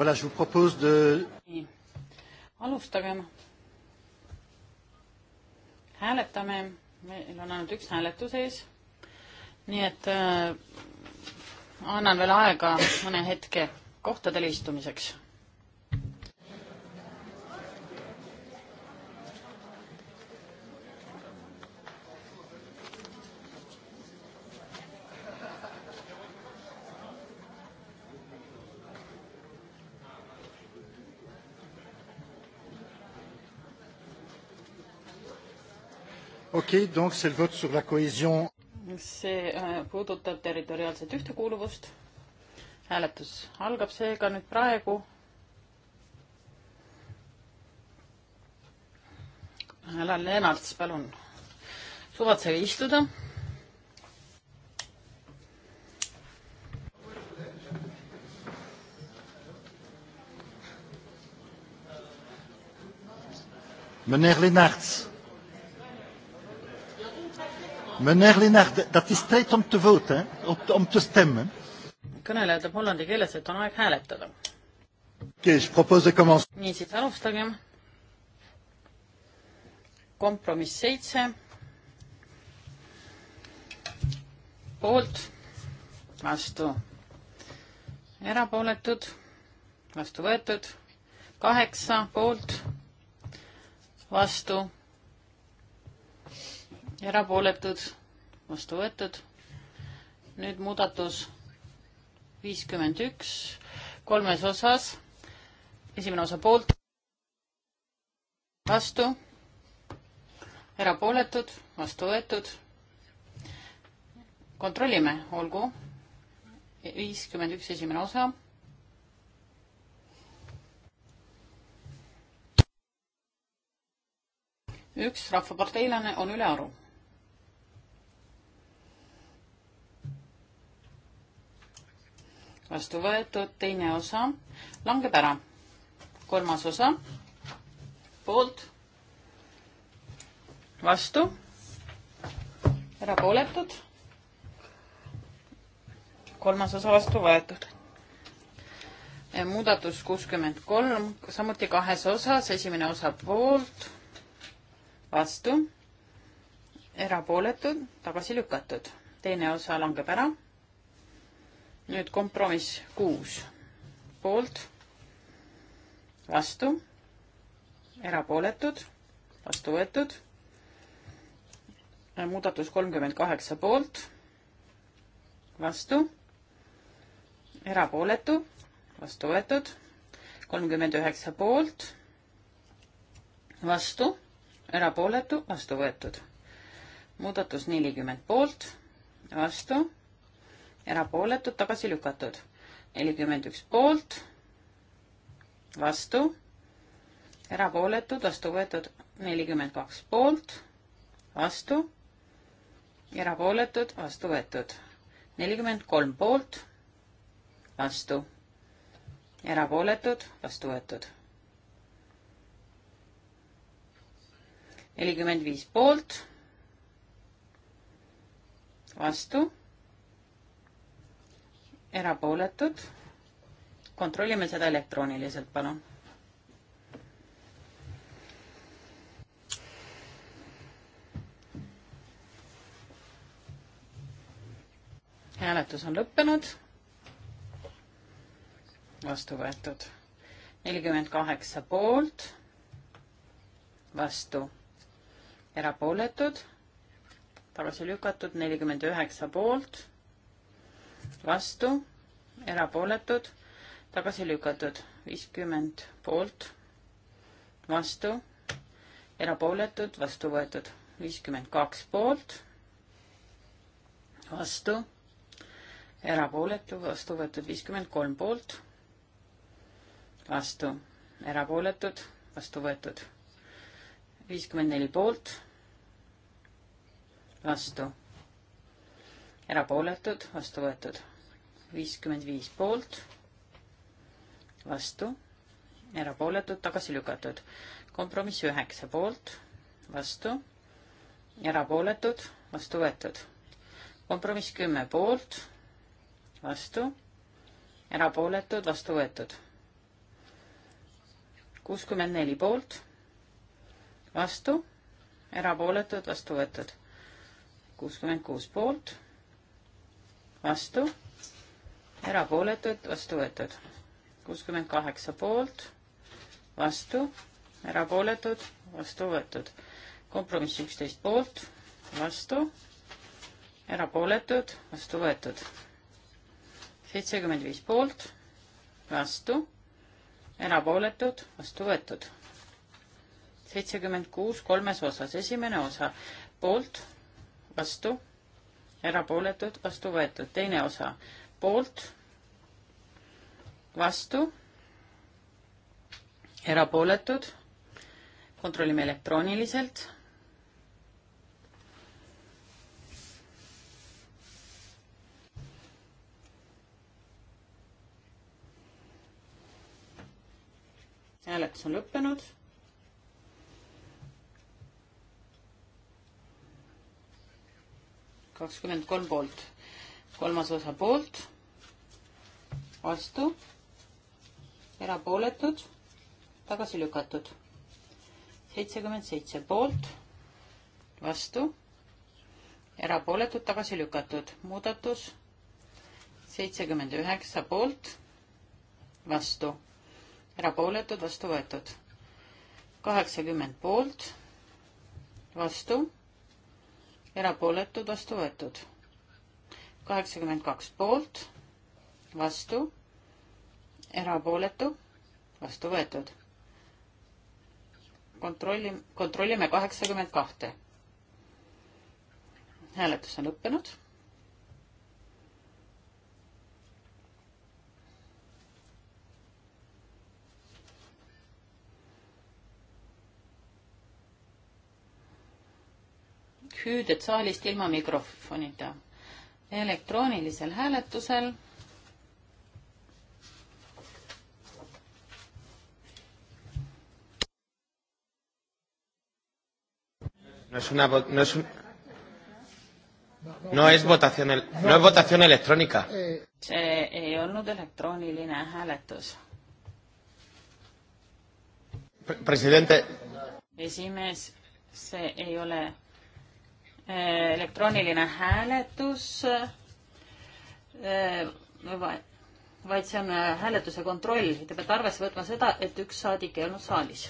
Voilà, je vous propose de... nii, alustagem. hääletame, meil on ainult üks hääletus ees, nii et äh, annan veel aega mõne hetke kohtadele istumiseks see äh, puudutab territoriaalset ühtekuuluvust. hääletus algab seega nüüd praegu. Alar Leenarts, palun suvatsege istuda meneer Lennarts. Meneer Linnart, dat is tijd om te voten, om te stemmen. kõneleja ütleb hollandi keeles, et on aeg hääletada. niisiis, alustagem. kompromiss seitse. poolt, vastu, erapooletud, vastu võetud, kaheksa poolt, vastu erapooletud, vastu võetud. nüüd muudatus viiskümmend üks kolmes osas. esimene osa poolt, vastu, erapooletud, vastu võetud. kontrollime, olgu. viiskümmend üks esimene osa üks rahvaparteilane on ülearu. vastu võetud, teine osa langeb ära. kolmas osa poolt, vastu, erapooletud, kolmas osa vastu võetud. muudatus kuuskümmend kolm, samuti kahes osas, esimene osa poolt, vastu, erapooletud, tagasi lükatud, teine osa langeb ära nüüd kompromiss kuus poolt, vastu, erapooletud, vastu võetud, muudatus kolmkümmend kaheksa poolt, vastu, erapooletu, vastu võetud, kolmkümmend üheksa poolt, vastu, erapooletu, vastu võetud. muudatus nelikümmend poolt, vastu erapooletud, tagasi lükatud. nelikümmend üks poolt, vastu, erapooletud, vastu võetud nelikümmend kaks poolt, vastu, erapooletud, vastu võetud. nelikümmend kolm poolt, vastu, erapooletud, vastu võetud. nelikümmend viis poolt, vastu erapooletud. kontrollime seda elektrooniliselt, palun. hääletus on lõppenud. vastu võetud nelikümmend kaheksa poolt, vastu erapooletud, tagasi lükatud nelikümmend üheksa poolt vastu, erapooletud, tagasi lükatud, viiskümmend poolt, vastu, erapooletud, vastu võetud, viiskümmend kaks poolt, vastu, erapooletu, vastu võetud, viiskümmend kolm poolt, vastu, erapooletud, vastu võetud, viiskümmend neli poolt, vastu, erapooletud, vastu võetud viiskümmend viis poolt, vastu, erapooletud, tagasi lükatud. kompromiss üheksa poolt, vastu, erapooletud, vastu võetud. kompromiss kümme poolt, vastu, erapooletud, vastu võetud. kuuskümmend neli poolt, vastu, erapooletud, vastu võetud. kuuskümmend kuus poolt, vastu erapooletud, vastu võetud. kuuskümmend kaheksa poolt, vastu, erapooletud, vastu võetud. kompromiss üksteist poolt, vastu, erapooletud, vastu võetud. seitsekümmend viis poolt, vastu, erapooletud, vastu võetud. seitsekümmend kuus kolmes osas, esimene osa poolt, vastu, erapooletud, vastu võetud, teine osa poolt, vastu, erapooletud, kontrollime elektrooniliselt. hääletus on lõppenud kakskümmend kolm poolt kolmas osa poolt, vastu, erapooletud, tagasi lükatud. seitsekümmend seitse poolt, vastu, erapooletud, tagasi lükatud. muudatus seitsekümmend üheksa poolt, vastu, erapooletud, vastu võetud. kaheksakümmend poolt, vastu, erapooletud, vastu võetud kaheksakümmend kaks poolt, vastu, erapooletu, vastu võetud. kontrolli, kontrollime kaheksakümmend kahte. hääletus on lõppenud. hüüded saalist ilma mikrofonita elektroonilisel hääletusel. No es una no es un, no es votación no es votación electrónica. see eh, ei eh, eh, olnud elektrooniline hääletus. president. esimees, see ei ole elektrooniline hääletus, eh, vaid see on eh, hääletuse kontroll. Te peate arvesse võtma seda, et üks saadik ei olnud saalis.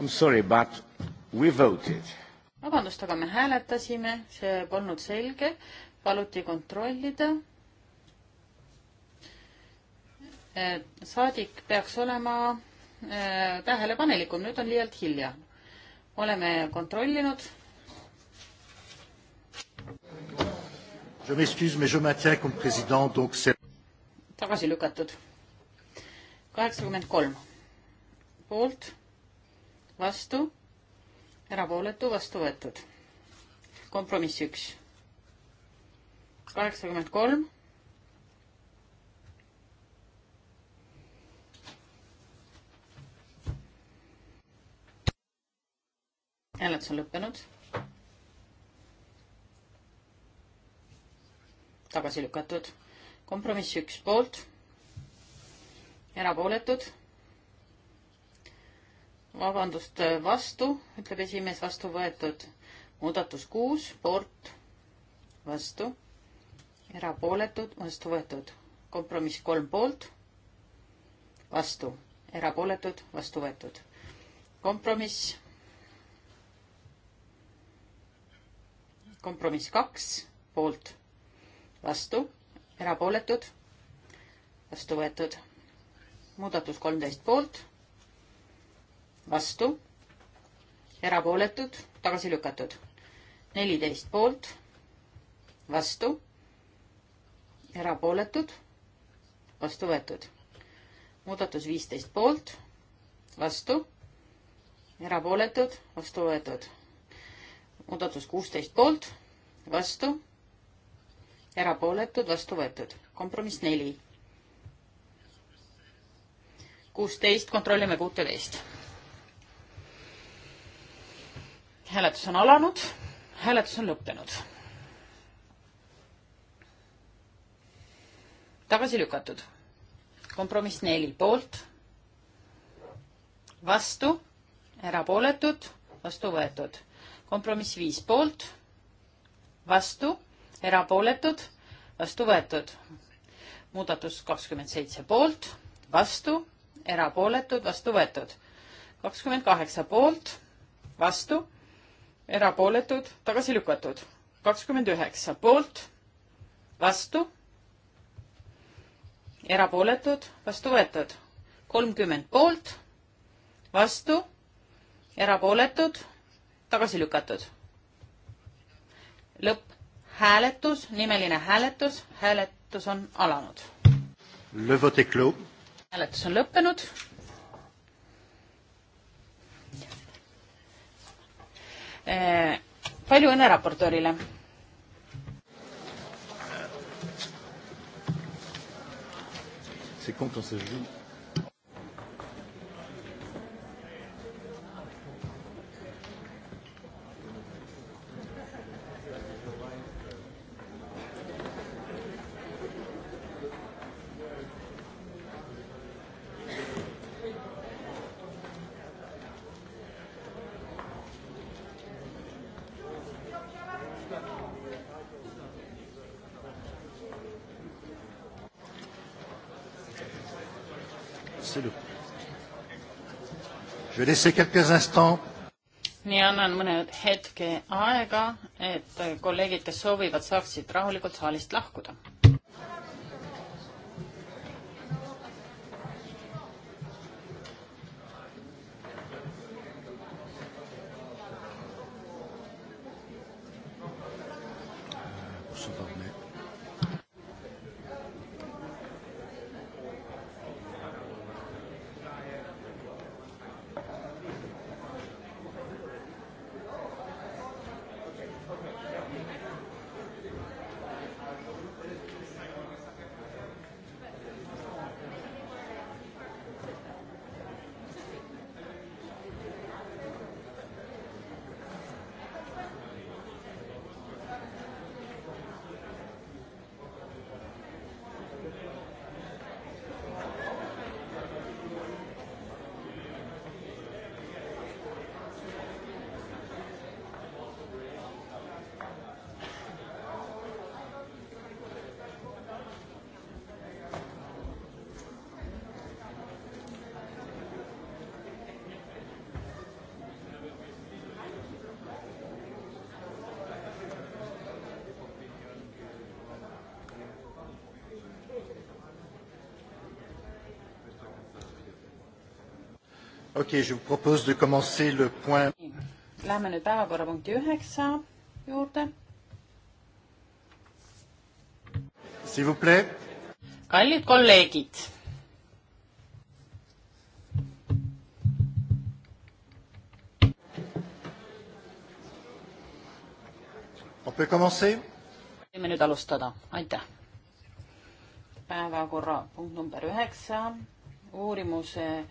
I m sorry, but we voted. vabandust, aga me hääletasime, see polnud selge, paluti kontrollida Äh, saadik peaks olema äh, tähelepanelikum, nüüd on liialt hilja. oleme kontrollinud. tagasi lükatud. kaheksakümmend kolm poolt, vastu, erapooletu, vastu võetud. kompromiss üks. kaheksakümmend kolm hääletus on lõppenud. tagasi lükatud. kompromiss üks poolt, erapooletud. vabandust, äh, vastu, ütleb esimees, vastu võetud. muudatus kuus poolt, vastu, erapooletud, vastu võetud. kompromiss kolm poolt, vastu, erapooletud, vastu võetud. kompromiss kompromiss kaks poolt, vastu, erapooletud, vastu võetud. muudatus kolmteist poolt, vastu, erapooletud, tagasi lükatud. neliteist poolt, vastu, erapooletud, vastu võetud. muudatus viisteist poolt, vastu, erapooletud, vastu võetud muudatus kuusteist poolt, vastu, erapooletud, vastu võetud. kompromiss neli. kuusteist, kontrollime kuuteteist. hääletus on alanud, hääletus on lõppenud. tagasi lükatud. kompromiss neli poolt, vastu, erapooletud, vastu võetud kompromiss viis poolt, vastu, erapooletud, vastu võetud. muudatus kakskümmend seitse poolt, vastu, erapooletud, vastu võetud. kakskümmend kaheksa poolt, vastu, erapooletud, tagasi lükatud. kakskümmend üheksa poolt, vastu, erapooletud, vastu võetud. kolmkümmend poolt, vastu, erapooletud tagasi lükatud. lõpphääletus, nimeline hääletus, hääletus on alanud. hääletus on lõppenud. Eh, palju õnne raportöörile. C'est quand on se joue Je vais laisser quelques instants. nii annan mõne hetke aega, et kolleegid, kes soovivad, saaksid rahulikult saalist lahkuda. okei okay,, je vous propose de commencer le point. Läheme nüüd päevakorrapunkti üheksa juurde. S'il vous plaît. kallid kolleegid. On peut commencer? võime nüüd alustada, aitäh. päevakorrapunkt number üheksa, uurimuse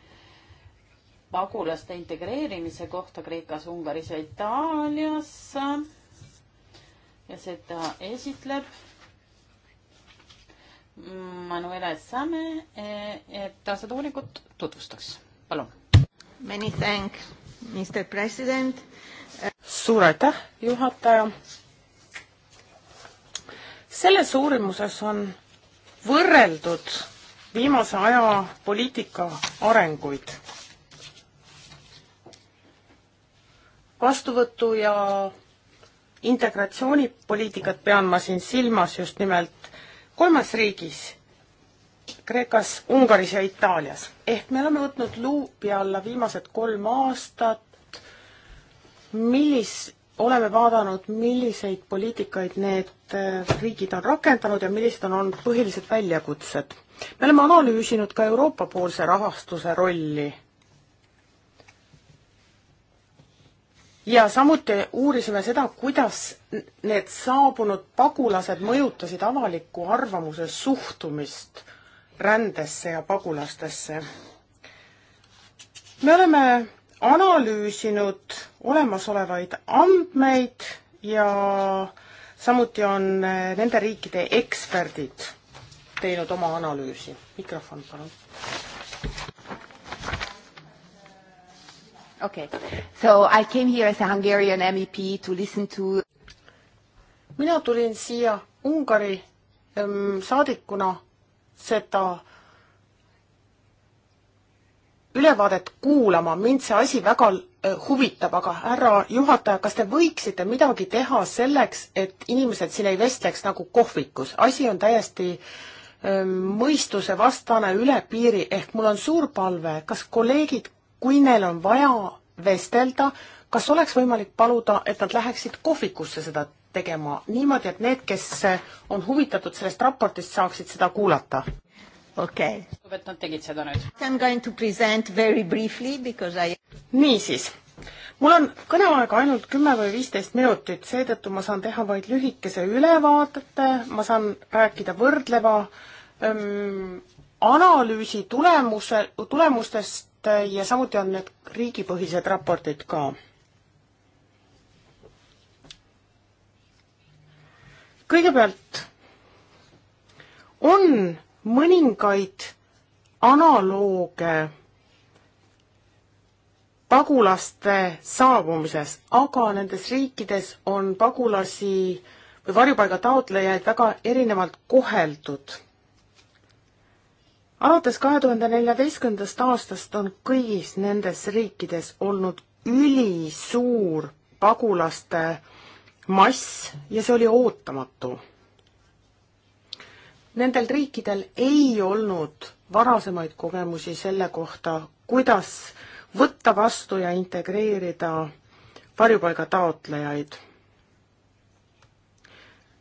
pagulaste integreerimise kohta Kreekas, Ungaris ja Itaalias. ja seda esitleb Manuela Samme, et ta seda uuringut tutvustaks, palun. Many thanks, Mr President. suur aitäh, juhataja. selles uurimuses on võrreldud viimase aja poliitika arenguid vastuvõtu ja integratsioonipoliitikat pean ma siin silmas just nimelt kolmas riigis, Kreekas, Ungaris ja Itaalias. ehk me oleme võtnud luubi alla viimased kolm aastat, millis, oleme vaadanud, milliseid poliitikaid need äh, riigid on rakendanud ja millised on olnud põhilised väljakutsed. me oleme analüüsinud ka Euroopa-poolse rahastuse rolli ja samuti uurisime seda, kuidas need saabunud pagulased mõjutasid avaliku arvamuse suhtumist rändesse ja pagulastesse. me oleme analüüsinud olemasolevaid andmeid ja samuti on nende riikide eksperdid teinud oma analüüsi. mikrofon palun Okay. So I came here as a Hungarian MEP to listen to mina tulin siia Ungari ähm, saadikuna seda ülevaadet kuulama, mind see asi väga eh, huvitab, aga härra juhataja, kas te võiksite midagi teha selleks, et inimesed siin ei vestleks nagu kohvikus, asi on täiesti ehm, mõistusevastane üle piiri, ehk mul on suur palve, kas kolleegid kui neil on vaja vestelda, kas oleks võimalik paluda, et nad läheksid kohvikusse seda tegema niimoodi, et need, kes on huvitatud sellest raportist, saaksid seda kuulata? okei okay.. et nad tegid seda nüüd. I am going to present very briefly because I niisiis, mul on kõneaega ainult kümme või viisteist minutit, seetõttu ma saan teha vaid lühikese ülevaadete, ma saan rääkida võrdleva öm, ähm, analüüsi tulemuse, tulemustest ja samuti on need riigipõhised raportid ka. kõigepealt on mõningaid analooge pagulaste saabumises, aga nendes riikides on pagulasi või varjupaiga taotlejaid väga erinevalt koheldud alates kahe tuhande neljateistkümnendast aastast on kõigis nendes riikides olnud ülisuur pagulaste mass ja see oli ootamatu. Nendel riikidel ei olnud varasemaid kogemusi selle kohta, kuidas võtta vastu ja integreerida varjupaiga taotlejaid.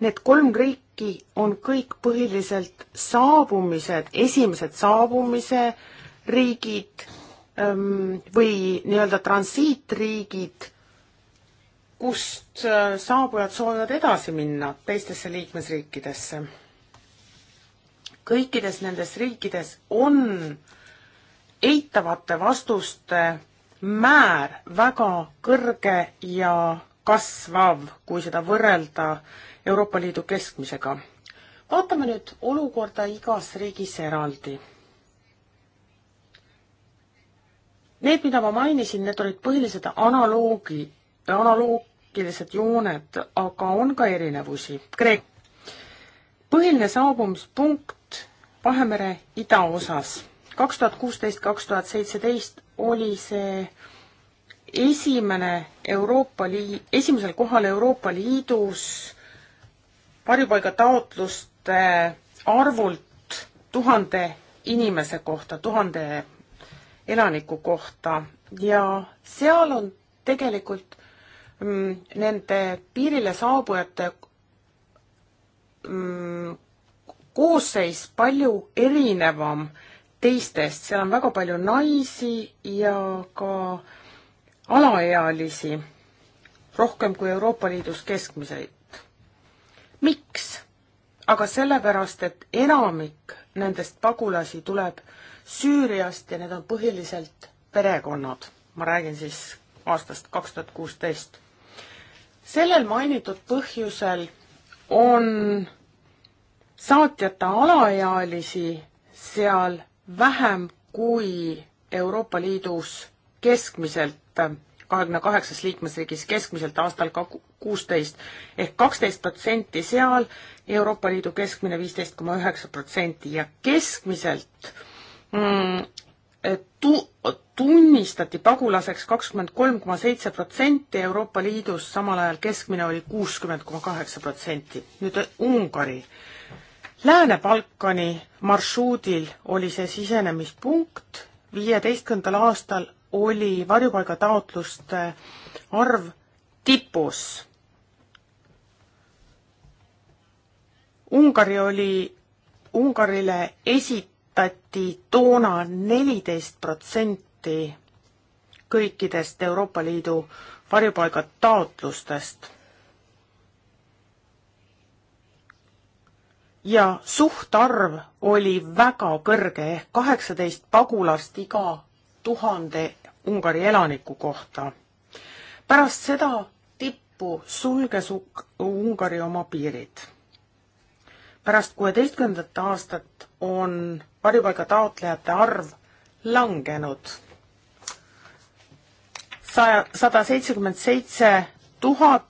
Need kolm riiki äkki on kõik põhiliselt saabumised, esimesed saabumise riigid öm, ähm, või nii-öelda transiitriigid, kust äh, saabujad soovivad edasi minna teistesse liikmesriikidesse. kõikides nendes riikides on eitavate vastuste määr väga kõrge ja kasvav, kui seda võrrelda Euroopa Liidu keskmisega. vaatame nüüd olukorda igas riigis eraldi. Need, mida ma mainisin, need olid põhilised analoogi, analoogilised jooned, aga on ka erinevusi. Kreek, põhiline saabumispunkt Vahemere idaosas kaks tuhat kuusteist, kaks tuhat seitseteist oli see esimene Euroopa Liit, esimesel kohal Euroopa Liidus varjupaigataotluste arvult tuhande inimese kohta, tuhande elaniku kohta ja seal on tegelikult mm, nende piirile saabujate mm, koosseis palju erinevam teistest, seal on väga palju naisi ja ka alaealisi, rohkem kui Euroopa Liidus keskmiseid miks? aga sellepärast, et enamik nendest pagulasi tuleb Süüriast ja need on põhiliselt perekonnad. ma räägin siis aastast kaks tuhat kuusteist. sellel mainitud põhjusel on saatjata alaealisi seal vähem kui Euroopa Liidus keskmiselt kahekümne kaheksas liikmesriigis keskmiselt aastal ka kuusteist ehk kaksteist protsenti seal, Euroopa Liidu keskmine viisteist koma üheksa protsenti ja keskmiselt mm, tu-, tunnistati pagulaseks kakskümmend kolm koma seitse protsenti, Euroopa Liidus samal ajal keskmine oli kuuskümmend koma kaheksa protsenti. nüüd äh, Ungari. Lääne-Balkani marsruudil oli see sisenemispunkt, viieteistkümnendal aastal oli varjupaigataotluste arv tipus. Ungari oli, Ungarile esitati toona neliteist protsenti kõikidest Euroopa Liidu varjupaigataotlustest. ja suhtarv oli väga kõrge ehk kaheksateist pagulast iga tuhande Ungari elaniku kohta. pärast seda tippu sulges Ungari oma piirid. pärast kuueteistkümnendat aastat on varjupaiga taotlejate arv langenud. saja, sada seitsekümmend seitse tuhat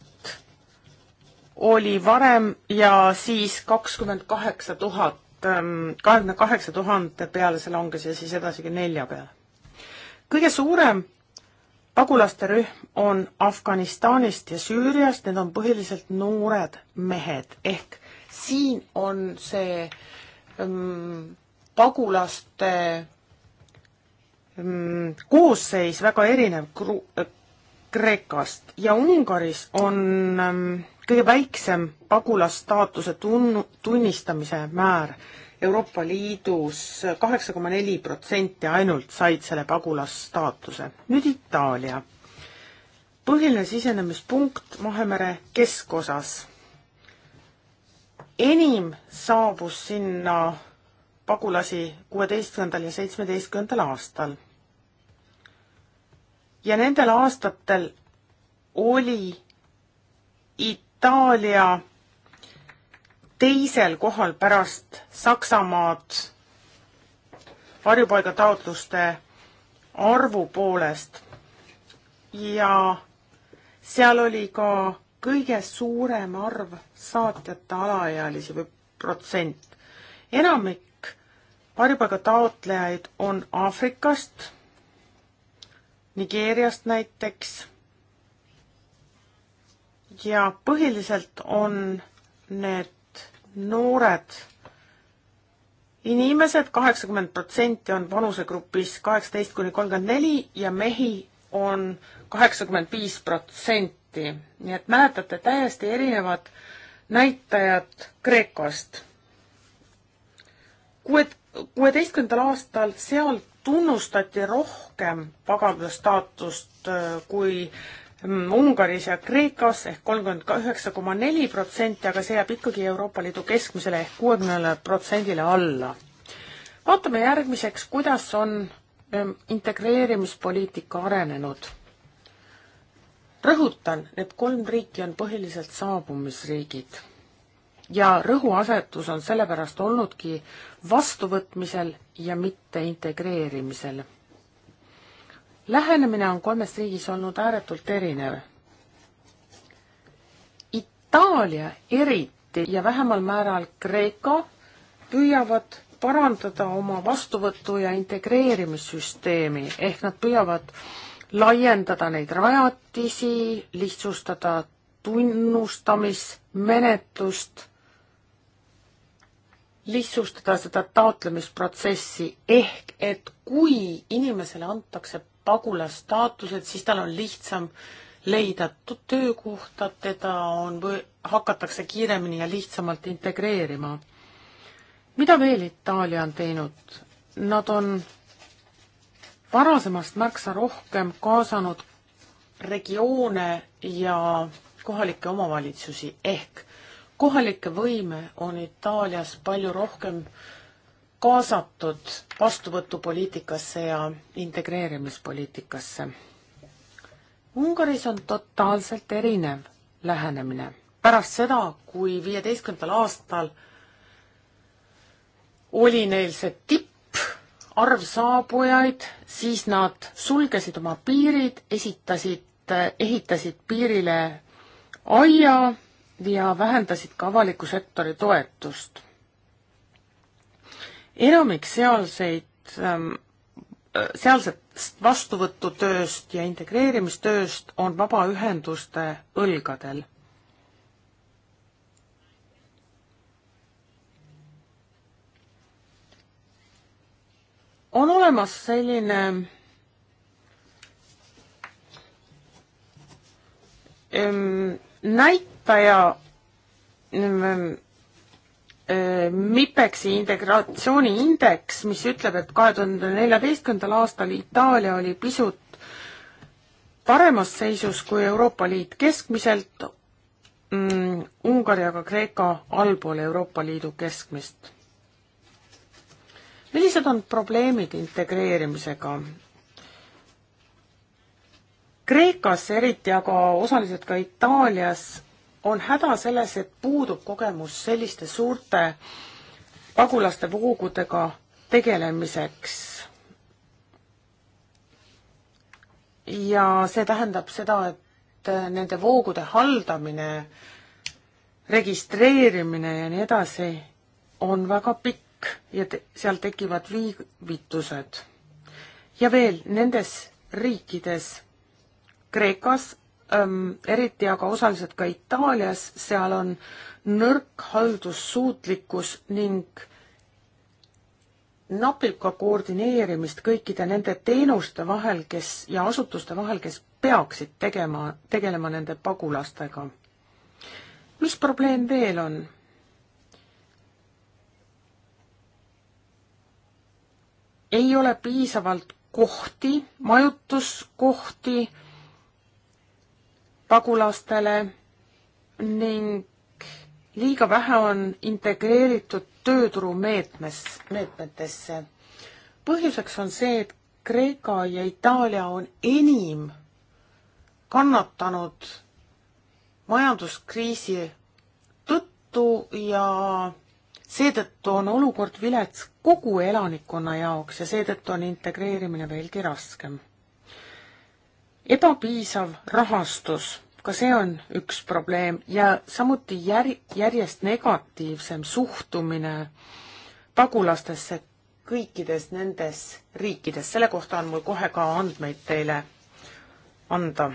oli varem ja siis kakskümmend kaheksa tuhat, ehm, kahekümne kaheksa tuhande peale see langes ja siis edasi nelja peale kõige suurem pagulaste rühm on Afganistanist ja Süüriast, need on põhiliselt noored mehed, ehk siin on see ähm, pagulaste ähm, koosseis väga erinev Kru äh, Kreekast ja Ungaris on ähm, kõige väiksem pagulasstaatuse tunnu-, tunnistamise määr. Euroopa Liidus kaheksa koma neli protsenti ainult said selle pagulasstaatuse. nüüd Itaalia. põhiline sisenemispunkt Vahemere keskosas. enim saabus sinna pagulasi kuueteistkümnendal ja seitsmeteistkümnendal aastal. ja nendel aastatel oli Itaalia teisel kohal pärast Saksamaad varjupaigataotluste arvu poolest ja seal oli ka kõige suurem arv saatjata alaealisi või protsent. enamik varjupaigataotlejaid on Aafrikast, Nigeeriast näiteks, ja põhiliselt on need noored inimesed, kaheksakümmend protsenti on vanusegrupis kaheksateist kuni kolmkümmend neli ja mehi on kaheksakümmend viis protsenti. nii et mäletate, täiesti erinevad näitajad Kreekost. kuuet-, kuueteistkümnendal aastal seal tunnustati rohkem paganda staatust äh, kui Mm, Ungaris ja Kreekas ehk kolmkümmend kaheksa koma neli protsenti, aga see jääb ikkagi Euroopa Liidu keskmisele ehk kuuekümnele protsendile alla. vaatame järgmiseks, kuidas on mm, integreerimispoliitika arenenud. rõhutan, need kolm riiki on põhiliselt saabumisriigid ja rõhuasetus on sellepärast olnudki vastuvõtmisel ja mitte integreerimisel lähenemine on kolmes riigis olnud ääretult erinev. Itaalia eriti ja vähemal määral Kreeka püüavad parandada oma vastuvõtu- ja integreerimissüsteemi, ehk nad püüavad laiendada neid rajatisi, lihtsustada tunnustamismenetlust, lihtsustada seda taotlemisprotsessi, ehk et kui inimesele antakse pagulastaatused, siis tal on lihtsam leida töökohta, teda on või hakatakse kiiremini ja lihtsamalt integreerima. mida veel Itaalia on teinud? Nad on varasemast märksa rohkem kaasanud regioone ja kohalikke omavalitsusi ehk kohalikke võime on Itaalias palju rohkem äh, kaasatud vastuvõtupoliitikasse ja integreerimispoliitikasse. Ungaris on totaalselt erinev lähenemine. pärast seda, kui viieteistkümnendal aastal oli neil see tipparv saabujaid, siis nad sulgesid oma piirid, esitasid, ehitasid piirile aia ja vähendasid ka avaliku sektori toetust enamik sealseid, ähm, äh, sealsest vastuvõtutööst ja integreerimistööst on vabaühenduste õlgadel. on olemas selline ähm, näitaja ähm, MIPEX-i integratsiooni indeks, mis ütleb, et kahe tuhande neljateistkümnendal aastal Itaalia oli pisut paremas seisus kui Euroopa Liit keskmiselt mm,, Ungari aga Kreeka allpool Euroopa Liidu keskmist. millised on probleemid integreerimisega? Kreekas eriti, aga osaliselt ka Itaalias on häda selles, et puudub kogemus selliste suurte pagulaste voogudega tegelemiseks. ja see tähendab seda, et nende voogude haldamine, registreerimine ja nii edasi on väga pikk ja te seal tekivad viivitused. ja veel nendes riikides, Kreekas eriti aga osaliselt ka Itaalias, seal on nõrk haldussuutlikkus ning napib ka koordineerimist kõikide nende teenuste vahel, kes ja asutuste vahel, kes peaksid tegema, tegelema nende pagulastega. mis probleem veel on? ei ole piisavalt kohti, majutuskohti pagulastele ning liiga vähe on integreeritud tööturumeetmes, meetmetesse. põhjuseks on see, et Kreeka ja Itaalia on enim kannatanud majanduskriisi tõttu ja seetõttu on olukord vilets kogu elanikkonna jaoks ja seetõttu on integreerimine veelgi raskem ebapiisav rahastus, ka see on üks probleem ja samuti jär-, järjest negatiivsem suhtumine pagulastesse kõikides nendes riikides, selle kohta on mul kohe ka andmeid teile anda.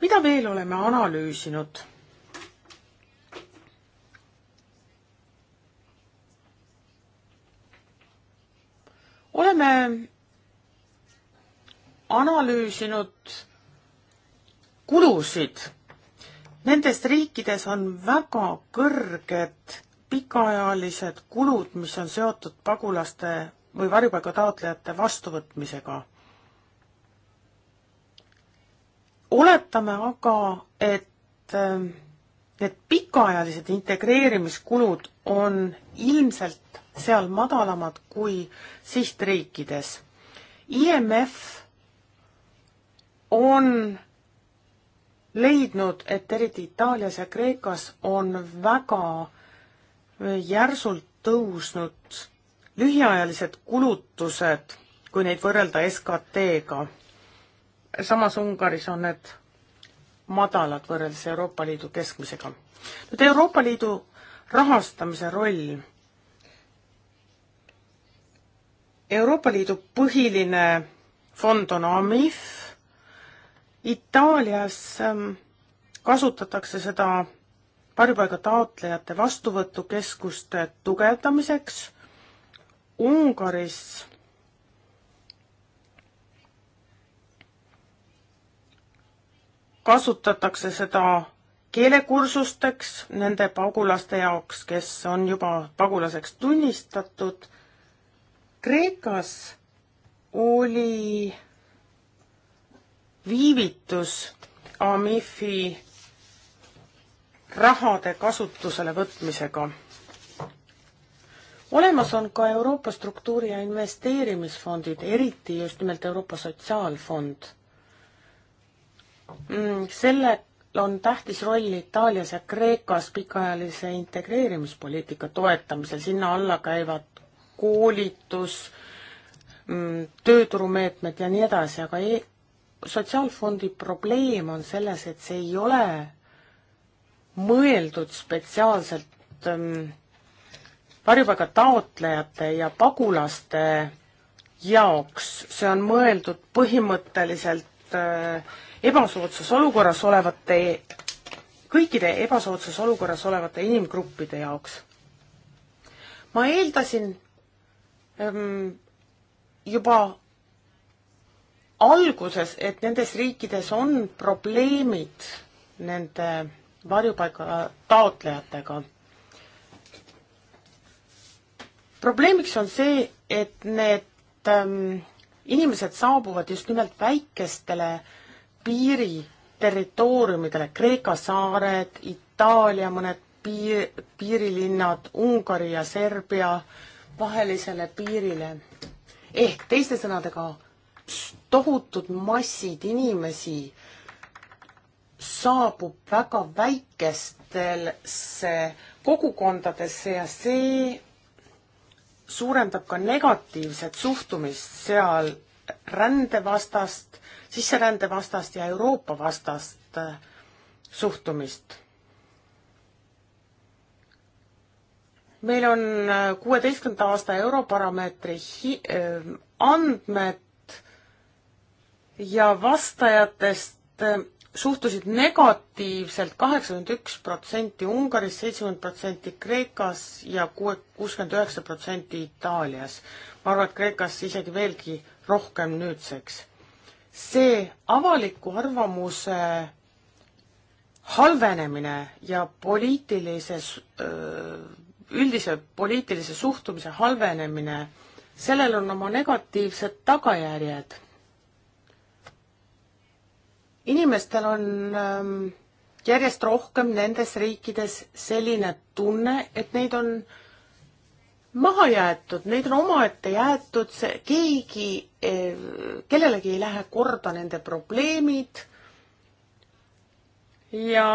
mida veel oleme analüüsinud? oleme analüüsinud kulusid. Nendes riikides on väga kõrged pikaajalised kulud, mis on seotud pagulaste või varjupaiga taotlejate vastuvõtmisega. oletame aga, et ähm, need pikaajalised integreerimiskulud on ilmselt seal madalamad kui sihtriikides. IMF on leidnud, et eriti Itaalias ja Kreekas on väga järsult tõusnud lühiajalised kulutused, kui neid võrrelda SKT-ga. samas Ungaris on need madalad võrreldes Euroopa Liidu keskmisega. nüüd Euroopa Liidu rahastamise roll. Euroopa Liidu põhiline fond on AMIF Itaalias ähm, kasutatakse seda varjupaiga taotlejate vastuvõtukeskuste tugevdamiseks, Ungaris kasutatakse seda keelekursusteks nende pagulaste jaoks, kes on juba pagulaseks tunnistatud. Kreekas oli viivitus AMIF-i rahade kasutusele võtmisega. olemas on ka Euroopa struktuuri- ja investeerimisfondid, eriti just nimelt Euroopa Sotsiaalfond. Mm, sellel on tähtis roll Itaalias ja Kreekas pikaajalise integreerimispoliitika toetamisel, sinna alla käivad koolitus, mm, tööturumeetmed ja nii edasi, aga e sotsiaalfondi probleem on selles, et see ei ole mõeldud spetsiaalselt ähm, varjupaiga taotlejate ja pagulaste jaoks, see on mõeldud põhimõtteliselt äh, ebasoodsas olukorras olevate, kõikide ebasoodsas olukorras olevate inimgruppide jaoks. ma eeldasin ähm, juba alguses, et nendes riikides on probleemid nende varjupaiga taotlejatega. probleemiks on see, et need ähm, inimesed saabuvad just nimelt väikestele piiriterritooriumidele, Kreeka saared, Itaalia mõned piir, piirilinnad, Ungari ja Serbia vahelisele piirile. ehk teiste sõnadega tohutud massid inimesi saabub väga väikestesse kogukondadesse ja see suurendab ka negatiivset suhtumist seal rändevastast, sisserändevastast ja Euroopa vastast äh, suhtumist. meil on äh, kuueteistkümnenda aasta Europarameetri äh, andmed ja vastajatest eh, suhtusid negatiivselt kaheksakümmend üks protsenti Ungaris, seitsekümmend protsenti Kreekas ja kuue, kuuskümmend üheksa protsenti Itaalias. ma arvan, et Kreekas isegi veelgi rohkem nüüdseks. see avaliku arvamuse halvenemine ja poliitilise, üldise poliitilise suhtumise halvenemine, sellel on oma negatiivsed tagajärjed inimestel on ähm, järjest rohkem nendes riikides selline tunne, et neid on maha jäetud, neid on omaette jäetud, see keegi, eh, kellelegi ei lähe korda nende probleemid ja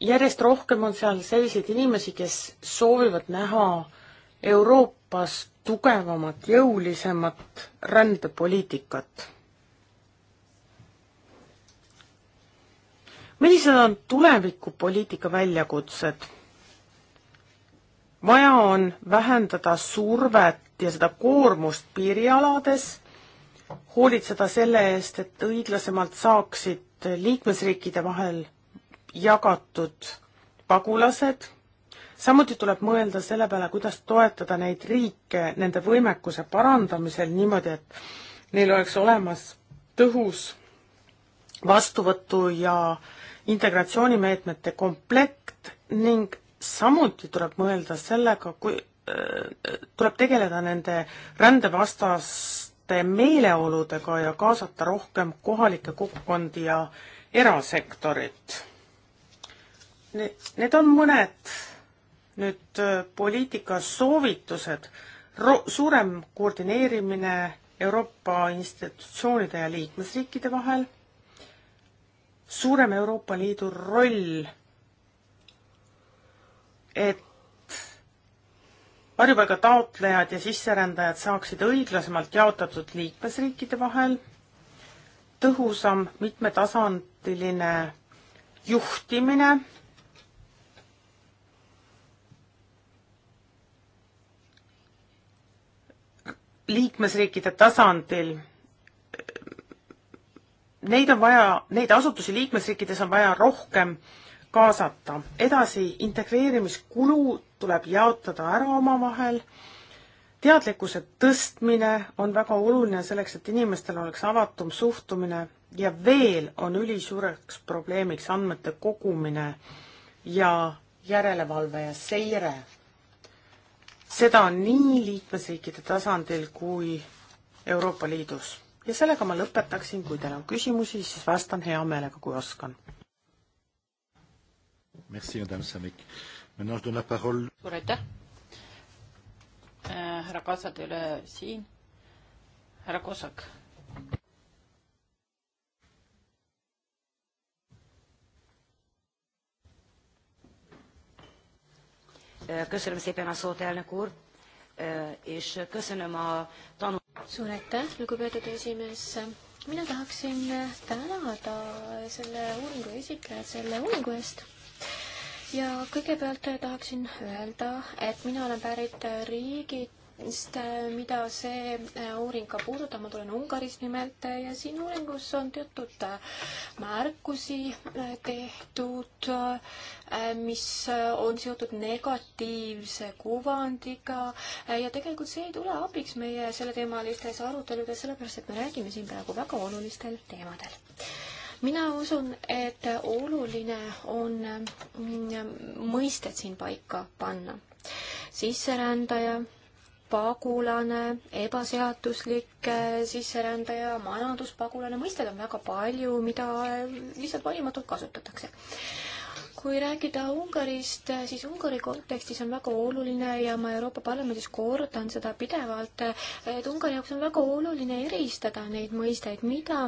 järjest rohkem on seal selliseid inimesi, kes soovivad näha Euroopas tugevamat, jõulisemat rändepoliitikat millised on tulevikupoliitika väljakutsed? vaja on vähendada survet ja seda koormust piirialades, hoolitseda selle eest, et õiglasemalt saaksid liikmesriikide vahel jagatud pagulased, samuti tuleb mõelda selle peale, kuidas toetada neid riike nende võimekuse parandamisel niimoodi, et neil oleks olemas tõhus vastuvõtu ja äh, integratsioonimeetmete komplekt ning samuti tuleb mõelda sellega, kui äh, tuleb tegeleda nende rändevastaste meeleoludega ja kaasata rohkem kohalikke kogukondi ja erasektorit. Need on mõned nüüd äh, poliitika soovitused, suurem koordineerimine Euroopa institutsioonide ja liikmesriikide vahel suurem Euroopa Liidu roll, et varjupaiga taotlejad ja sisserändajad saaksid õiglasemalt jaotatud liikmesriikide vahel, tõhusam mitmetasandiline juhtimine, liikmesriikide tasandil neid on vaja, neid asutusi liikmesriikides on vaja rohkem kaasata. edasi, integreerimiskulu tuleb jaotada ära omavahel, teadlikkuse tõstmine on väga oluline selleks, et inimestel oleks avatum suhtumine ja veel on ülisuureks probleemiks andmete kogumine ja järelevalve ja seire. seda nii liikmesriikide tasandil kui Euroopa Liidus ja sellega ma lõpetaksin, kui teil on küsimusi, siis vastan hea meelega, kui oskan. suur aitäh äh,. härra Kasad ei ole siin. härra Kosak. Äh, köszönöm szépen a szót, elnök úr és köszönöm a tanul... Suur aitäh, lugupeetud esimees! Mina tahaksin tänada selle uuringu esitlejad selle uuringu eest ja kõigepealt tahaksin öelda, et mina olen pärit riigid, sest äh, mida see äh, uuring ka puudutab, ma tulen Ungarist nimelt äh, ja siin uuringus on teatud märkusi tehtud, mis on seotud negatiivse kuvandiga ja tegelikult see ei tule abiks meie selleteemalistes aruteludes, sellepärast et me räägime siin praegu väga olulistel teemadel mina usun, et oluline on mõisted siin paika panna. sisserändaja pagulane, ebaseaduslik äh, sisserändaja, majanduspagulane, mõisteid on väga palju, mida lihtsalt valimatult kasutatakse kui rääkida Ungarist, siis Ungari kontekstis on väga oluline ja ma Euroopa Parlamendis kordan seda pidevalt, et Ungari jaoks on väga oluline eristada neid mõisteid, mida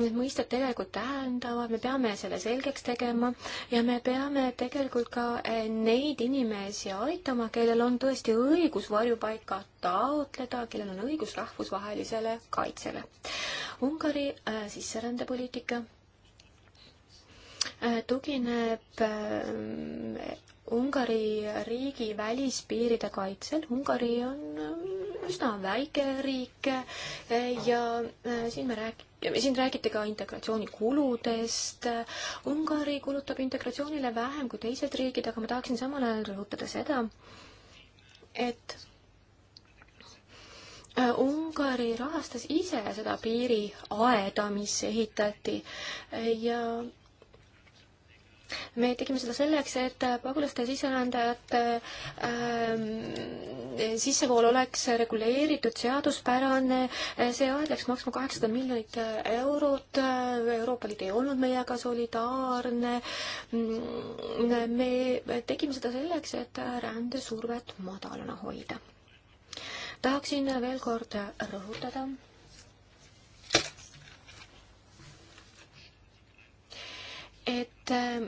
need mõisted tegelikult tähendavad, me peame selle selgeks tegema ja me peame tegelikult ka eh, neid inimesi aitama, kellel on tõesti õigus varjupaika taotleda, kellel on õigus rahvusvahelisele kaitsele. Ungari äh, sisserändepoliitika Äh, tugineb äh, Ungari riigi välispiiride kaitsel. Ungari on äh, üsna väike riik ja siin me räägime siin räägiti ka integratsioonikuludest. Ungari kulutab integratsioonile vähem kui teised riigid, aga ma tahaksin samal ajal rõhutada seda, et Ungari rahastas ise seda piiriaeda, mis ehitati ja me tegime seda selleks, et pagulaste sisserändajate äh, sissevool oleks reguleeritud, seaduspärane, see aeg läks maksma kaheksasada miljonit eurot, Euroopa Liit ei olnud meiega solidaarne, me tegime seda selleks, et rändesurvet madalana hoida. tahaksin veel kord rõhutada et äh,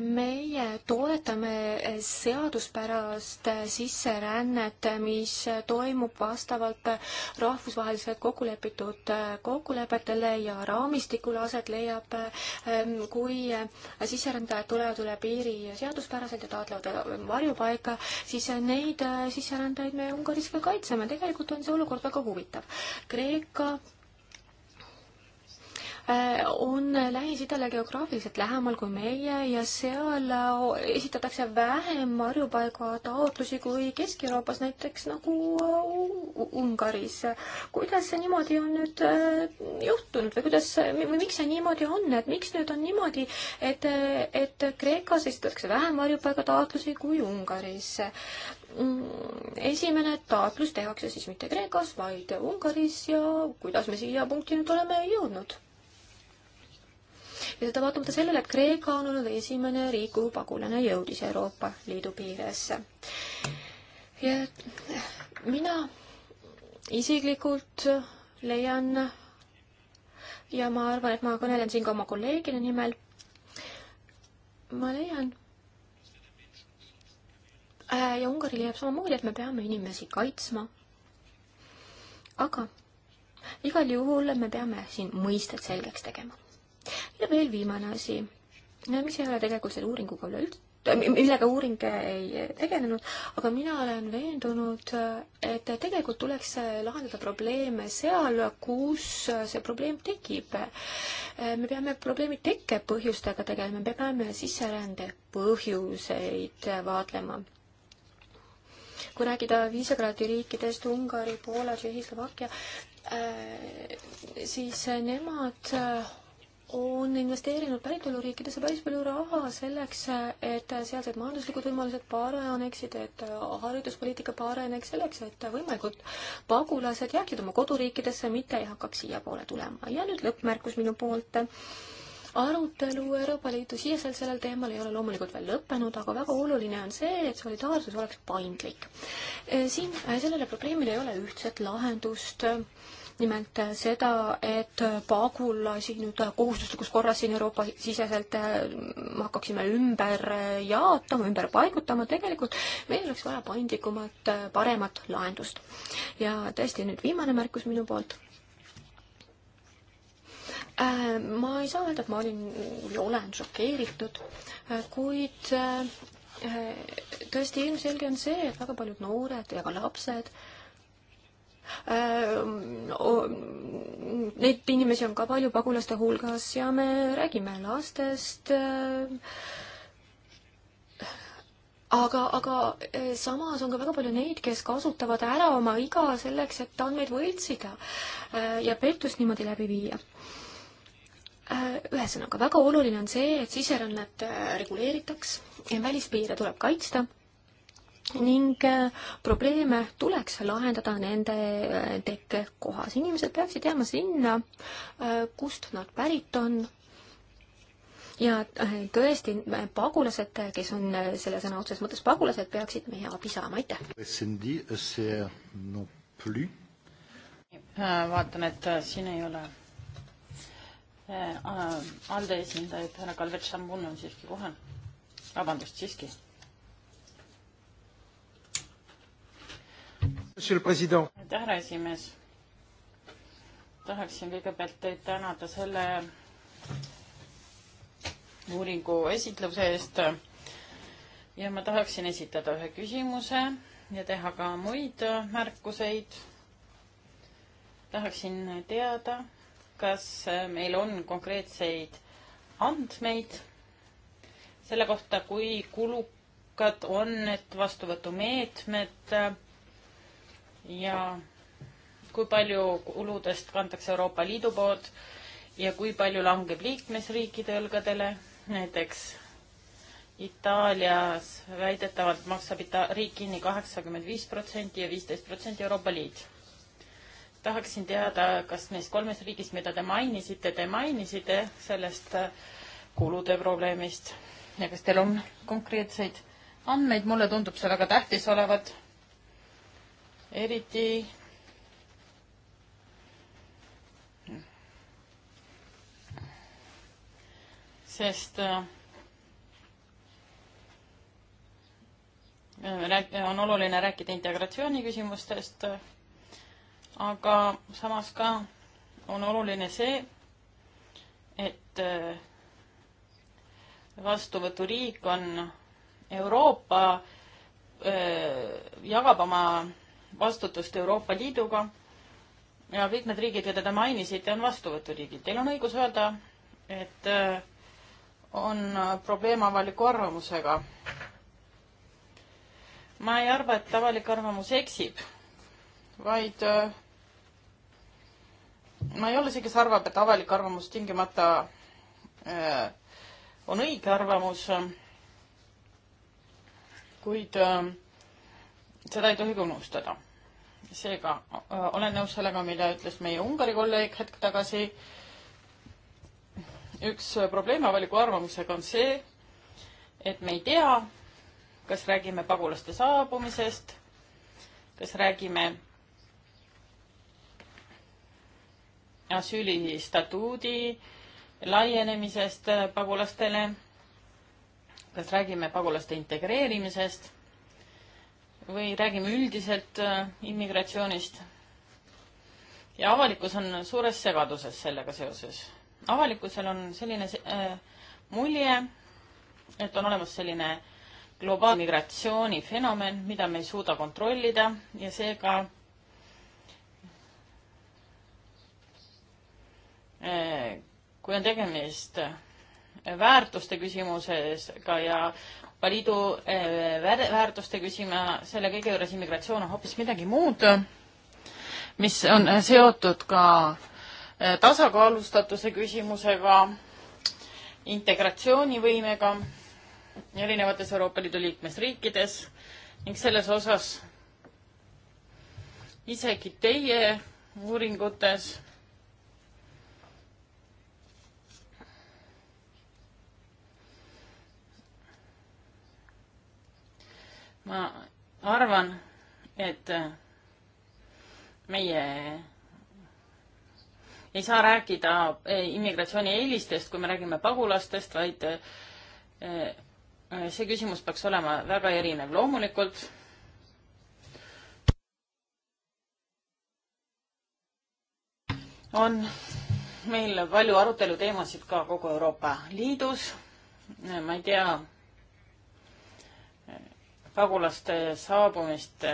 meie toetame seaduspärast sisserännet, mis toimub vastavalt rahvusvaheliselt kokkulepitud kokkulepetele ja raamistikule aset leiab, ähm, kui sisserändajad tulevad üle piiri seaduspäraselt ja taotlevad äh, varjupaika, siis neid äh, sisserändajaid me Ungaris ka kaitseme. tegelikult on see olukord väga huvitav. Kreeka Äh, on Lähis-Idale geograafiliselt lähemal kui meie ja seal äh, esitatakse vähem varjupaigataotlusi kui Kesk-Euroopas, näiteks nagu äh, Ungaris. kuidas see niimoodi on nüüd juhtunud või kuidas või miks see niimoodi on, et miks nüüd on niimoodi, et, et Kreekas esitatakse vähem varjupaigataotlusi kui Ungaris? Mm, esimene taotlus tehakse siis mitte Kreekas, vaid Ungaris ja kuidas me siia punkti nüüd oleme jõudnud? ja seda vaatamata sellele, et Kreeka on olnud esimene riik, kuhu pagulane jõudis Euroopa Liidu piiresse. ja mina isiklikult leian ja ma arvan, et ma kõnelen siin ka oma kolleegide nimel, ma leian äh, ja Ungari leiab samamoodi, et me peame inimesi kaitsma. aga igal juhul me peame siin mõisted selgeks tegema ja veel viimane asi, mis ei ole tegelikult selle uuringuga üleüldse äh, millega uuring ei tegelenud, aga mina olen veendunud, et tegelikult tuleks lahendada probleeme seal, kus see probleem tekib. me peame probleemi tekkepõhjustega tegelema, me peame sisserände põhjuseid vaatlema kui rääkida Visegradi riikidest, Ungari, Poola, Tšehhi, Slovakkia, äh, siis nemad on investeerinud päritoluriikidesse päris palju raha selleks, et sealsed majanduslikud võimalused paraneksid, et hariduspoliitika paraneks, selleks, et võimalikult pagulased jääksid oma koduriikidesse, mitte ei hakkaks siiapoole tulema. ja nüüd lõppmärkus minu poolt. arutelu Euroopa Liidu siseselt sellel teemal ei ole loomulikult veel lõppenud, aga väga oluline on see, et solidaarsus oleks paindlik. siin sellele probleemile ei ole ühtset lahendust nimelt seda, et pagulasi nüüd kohustuslikus korras siin Euroopa siseselt äh, hakkaksime ümber äh, jaotama, ümber paigutama, tegelikult meil oleks vaja paindlikumat, äh, paremat lahendust. ja tõesti nüüd viimane märkus minu poolt Ma ei saa öelda, et ma olin või olen šokeeritud, kuid tõesti ilmselge on see, et väga paljud noored ja ka lapsed Äh, neid inimesi on ka palju pagulaste hulgas ja me räägime lastest, äh, aga, aga äh, samas on ka väga palju neid, kes kasutavad ära oma iga selleks, et andmeid võltsida ja pettust niimoodi läbi viia ühesõnaga, väga oluline on see, et siserännet reguleeritaks, välispiire tuleb kaitsta ning äh, probleeme tuleks lahendada nende äh, tekkekohas. inimesed peaksid jääma sinna, äh, kust nad pärit on, ja tõesti, pagulased, kes on selle sõna otseses mõttes pagulased, peaksid meie abi saama, aitäh. vaatan, et siin ei ole ALDE esindajaid, härra Kalvet Šambun on siiski kohal. vabandust, siiski aitäh, härra esimees. tahaksin kõigepealt teid tänada selle uuringu esitluse eest ja ma tahaksin esitada ühe küsimuse ja teha ka muid märkuseid. tahaksin teada, kas meil on konkreetseid andmeid selle kohta, kui kulukad on need vastuvõtumeetmed ja kui palju kuludest kantakse Euroopa Liidu poolt ja kui palju langeb liikmesriikide õlgadele, näiteks Itaalias väidetavalt maksab Ita-, riik kinni kaheksakümmend viis protsenti ja viisteist protsenti Euroopa Liit. tahaksin teada, kas neis kolmes riigis, mida te mainisite, te mainisite sellest äh, kulude probleemist ja kas teil on konkreetseid andmeid, mulle tundub see väga tähtis olevat eriti sest äh, on oluline rääkida integratsiooni küsimustest, aga samas ka on oluline see, et äh, vastuvõturiik on Euroopa, äh, jagab oma vastutust Euroopa Liiduga ja kõik need riigid, keda te mainisite, on vastuvõturiigid. Teil on õigus öelda, et äh, on probleem avaliku arvamusega. ma ei arva, et avalik arvamus eksib, vaid äh, ma ei ole see, kes arvab, et avalik arvamus tingimata äh, on õige arvamus, kuid seda ei tohi ka unustada seega olen nõus sellega, mida ütles meie Ungari kolleeg hetk tagasi. üks probleem avaliku arvamusega on see, et me ei tea, kas räägime pagulaste saabumisest, kas räägime asüüli statuudi laienemisest pagulastele, kas räägime pagulaste integreerimisest või räägime üldiselt äh, immigratsioonist. ja avalikkus on suures segaduses sellega seoses. avalikkusel on selline äh, mulje, et on olemas selline globaalne migratsioonifenomen, mida me ei suuda kontrollida ja seega äh, kui on tegemist väärtuste küsimusega ja Euroopa Liidu eh, väärtuste küsima, selle kõige juures immigratsioon on hoopis midagi muud, mis on eh, seotud ka eh, tasakaalustatuse küsimusega, integratsioonivõimega erinevates Euroopa Liidu liikmesriikides ning selles osas isegi teie uuringutes ma arvan, et meie ei saa rääkida immigratsiooni eelistest, kui me räägime pagulastest, vaid eh, see küsimus peaks olema väga erinev. loomulikult on meil palju aruteluteemasid ka kogu Euroopa Liidus. ma ei tea pagulaste saabumist,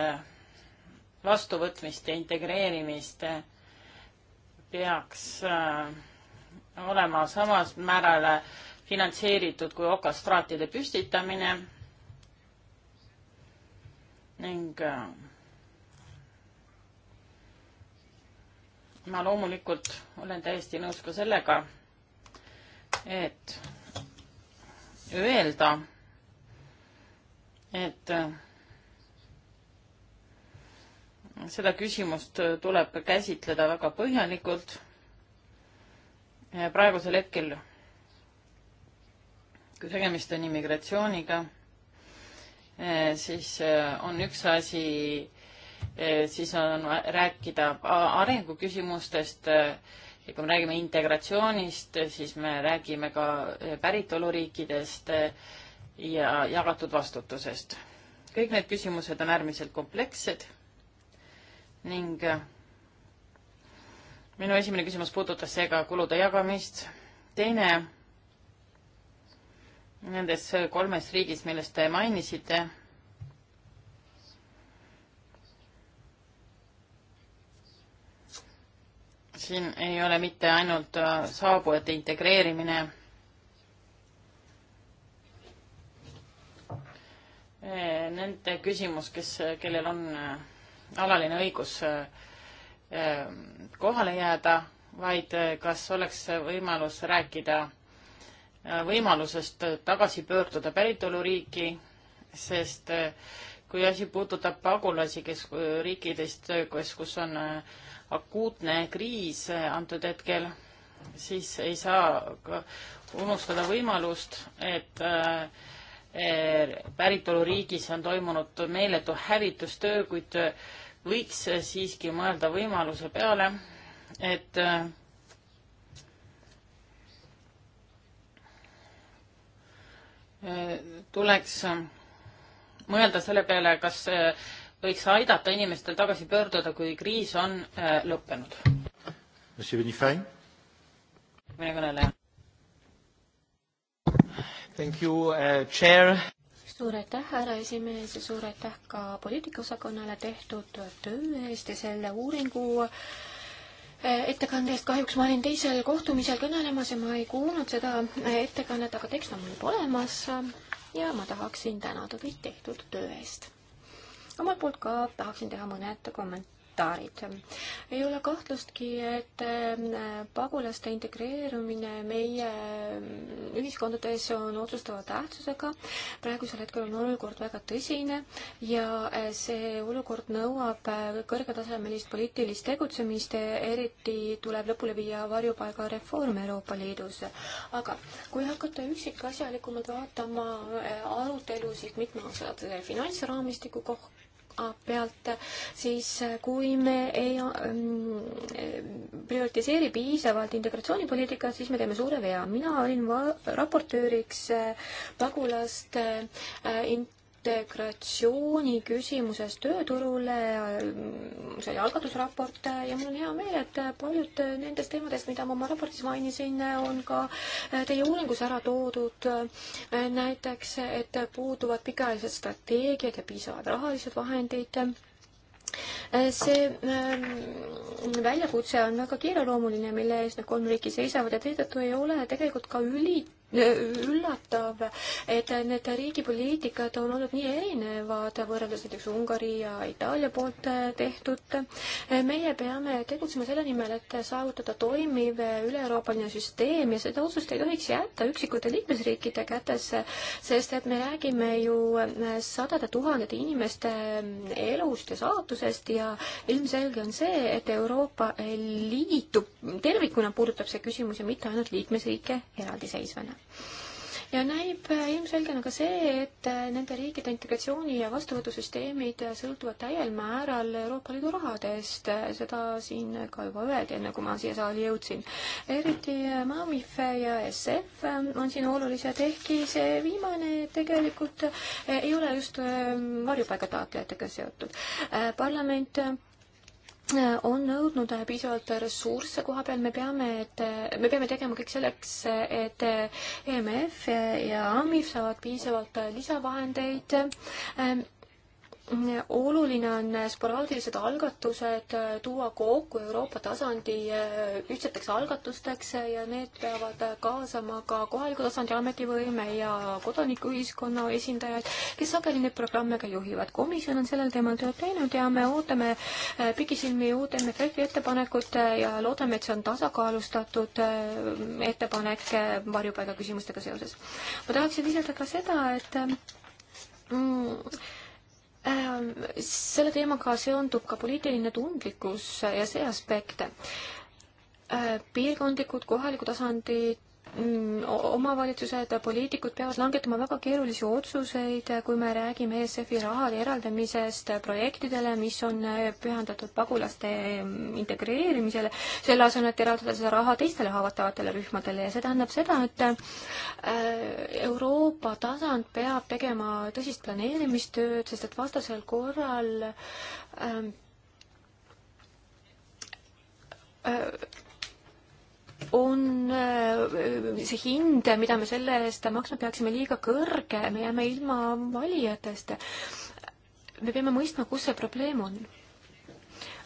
vastuvõtmist ja integreerimist peaks äh, olema samas määral finantseeritud kui okastraatide püstitamine ning äh, ma loomulikult olen täiesti nõus ka sellega, et öelda et äh, seda küsimust tuleb käsitleda väga põhjalikult. praegusel hetkel, kui tegemist on immigratsiooniga, äh, siis äh, on üks asi, siis on rääkida arenguküsimustest ja kui me räägime integratsioonist, siis me räägime ka päritoluriikidest ja jagatud vastutusest. kõik need küsimused on äärmiselt komplekssed ning äh, minu esimene küsimus puudutas seega kulude jagamist, teine nendes kolmes riigis, millest te mainisite, siin ei ole mitte ainult äh, saabujate integreerimine Eh, nende küsimus, kes, kellel on eh, alaline õigus eh, kohale jääda, vaid kas oleks võimalus rääkida võimalusest tagasi pöörduda päritoluriiki, sest kui asi puudutab pagulasi, kes riikidest, kus, kus on akuutne kriis antud hetkel, siis ei saa unustada võimalust, et äh, Eh, päritoluriigis on toimunud meeletu hävitustöö, kuid eh, võiks siiski mõelda võimaluse peale, et eh, tuleks mõelda selle peale, kas võiks aidata inimestel tagasi pöörduda, kui kriis on lõppenud. meie kõneleja Thank you uh,, chair. suur aitäh, härra esimees ja suur aitäh ka poliitikaosakonnale tehtud töö eest ja selle uuringu äh, ettekande eest. kahjuks ma olin teisel kohtumisel kõnelemas ja ma ei kuulnud seda äh, ettekannet, aga tekst on mul juba olemas ja ma tahaksin tänada teid tehtud töö eest. omalt poolt ka tahaksin teha mõned kommentaarid hektarid. ei ole kahtlustki, et äh, pagulaste integreerumine meie äh, ühiskondades on otsustava tähtsusega. praegusel hetkel on olukord väga tõsine ja äh, see olukord nõuab kõrgetasemelist poliitilist tegutsemist, eriti tuleb lõpule viia varjupaigareform Euroopa Liidus. aga kui hakata üksikasjalikumalt vaatama arutelusid mitmeaastase finantsraamistiku kohta, pealt, siis kui me ei mm, prioritiseeri piisavalt integratsioonipoliitikat, siis me teeme suure vea. mina olin raportööriks äh, pagulaste äh, int-, integratsiooni küsimuses tööturule, see oli algatusraport ja mul on hea meel, et paljud nendest teemadest, mida ma oma raportis mainisin, on ka teie uuringus ära toodud. näiteks, et puuduvad pikaajalised strateegiad ja piisavad rahalised vahendid see ähm, väljakutse on väga kiireloomuline, mille ees need kolm riiki seisavad ja seetõttu ei ole tegelikult ka üli üllatav, et need riigi poliitikad on olnud nii erinevad võrreldes näiteks Ungari ja Itaalia poolt tehtud. meie peame tegutsema selle nimel, et saavutada toimiv üle-euroopaline süsteem ja seda otsust ei tohiks jätta üksikute liikmesriikide kätesse, sest et me räägime ju sadade tuhandete inimeste elust ja saatusest ja ilmselge on see, et Euroopa Liitu tervikuna puudutab see küsimus ja mitte ainult liikmesriike eraldiseisvana ja näib äh, ilmselgena ka see, et äh, nende riikide integratsiooni ja vastuvõtusüsteemid äh, sõltuvad täiel määral Euroopa Liidu rahadest, seda siin ka juba öeldi, enne kui ma siia saali jõudsin. eriti MAMIF ja SF on siin olulised, ehkki see viimane tegelikult ei ole just varjupaigataotlejatega seotud. parlament on nõudnud äh, piisavalt ressursse koha peal, me peame, et äh, me peame tegema kõik selleks, et äh, EMF ja AMIF saavad piisavalt lisavahendeid. Ähm, oluline on sporaadilised algatused tuua kokku Euroopa tasandi eh, ühtseteks algatusteks ja need peavad kaasama ka kohaliku tasandi ametivõime ja kodanikuühiskonna esindajaid, kes sageli neid programme ka juhivad. komisjon on sellel teemal tööd teinud ja me ootame eh, pikisilmi uut MFF-i ettepanekut ja loodame, et see on tasakaalustatud eh, ettepanek varjupaiga küsimustega seoses. ma tahaksin lisada ka seda, et mm, Ähm, selle teemaga seondub ka poliitiline tundlikkus ja see aspekt. Äh, piirkondlikud, kohaliku tasandid, Mm, omavalitsused, poliitikud peavad langetama väga keerulisi otsuseid, kui me räägime ESF-i rahade eraldamisest projektidele, mis on eh, pühendatud pagulaste mm, integreerimisele, selle asemel, et eraldada seda raha teistele haavatavatele rühmadele ja see tähendab seda, et eh, Euroopa tasand peab tegema tõsist planeerimistööd, sest et vastasel korral äh, on äh, see hind, mida me selle eest maksma peaksime, liiga kõrge, me jääme ilma valijatest. me peame mõistma, kus see probleem on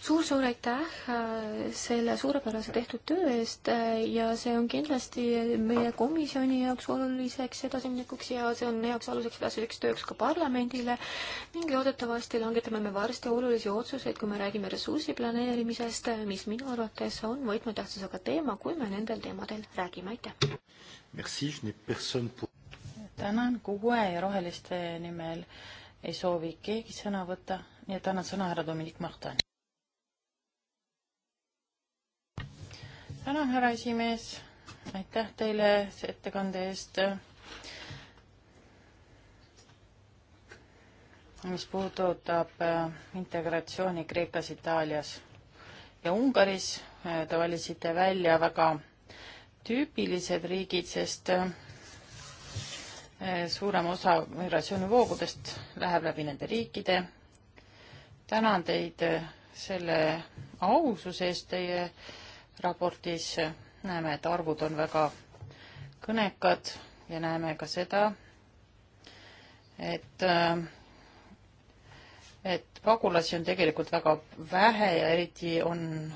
suur-suur aitäh äh, selle suurepärase tehtud töö eest äh, ja see on kindlasti meie komisjoni jaoks oluliseks edasiminekuks ja see on heaks aluseks edasiseks tööks ka parlamendile ning loodetavasti langetame me varsti olulisi otsuseid, kui me räägime ressursi planeerimisest, äh, mis minu arvates on võtmetähtsusega teema, kui me nendel teemadel räägime, aitäh! Pour... tänan, kuue ja roheliste nimel ei soovi keegi sõna võtta, nii et annan sõna härra Dominik Martani. tänan, härra esimees, aitäh teile ettekande eest. mis puudutab äh, integratsiooni Kreekas, Itaalias ja Ungaris, äh, te valisite välja väga tüüpilised riigid, sest äh, suurem osa migratsioonivoogudest läheb läbi nende riikide. tänan teid selle aususe eest teie raportis näeme, et arvud on väga kõnekad ja näeme ka seda, et, et pagulasi on tegelikult väga vähe ja eriti on,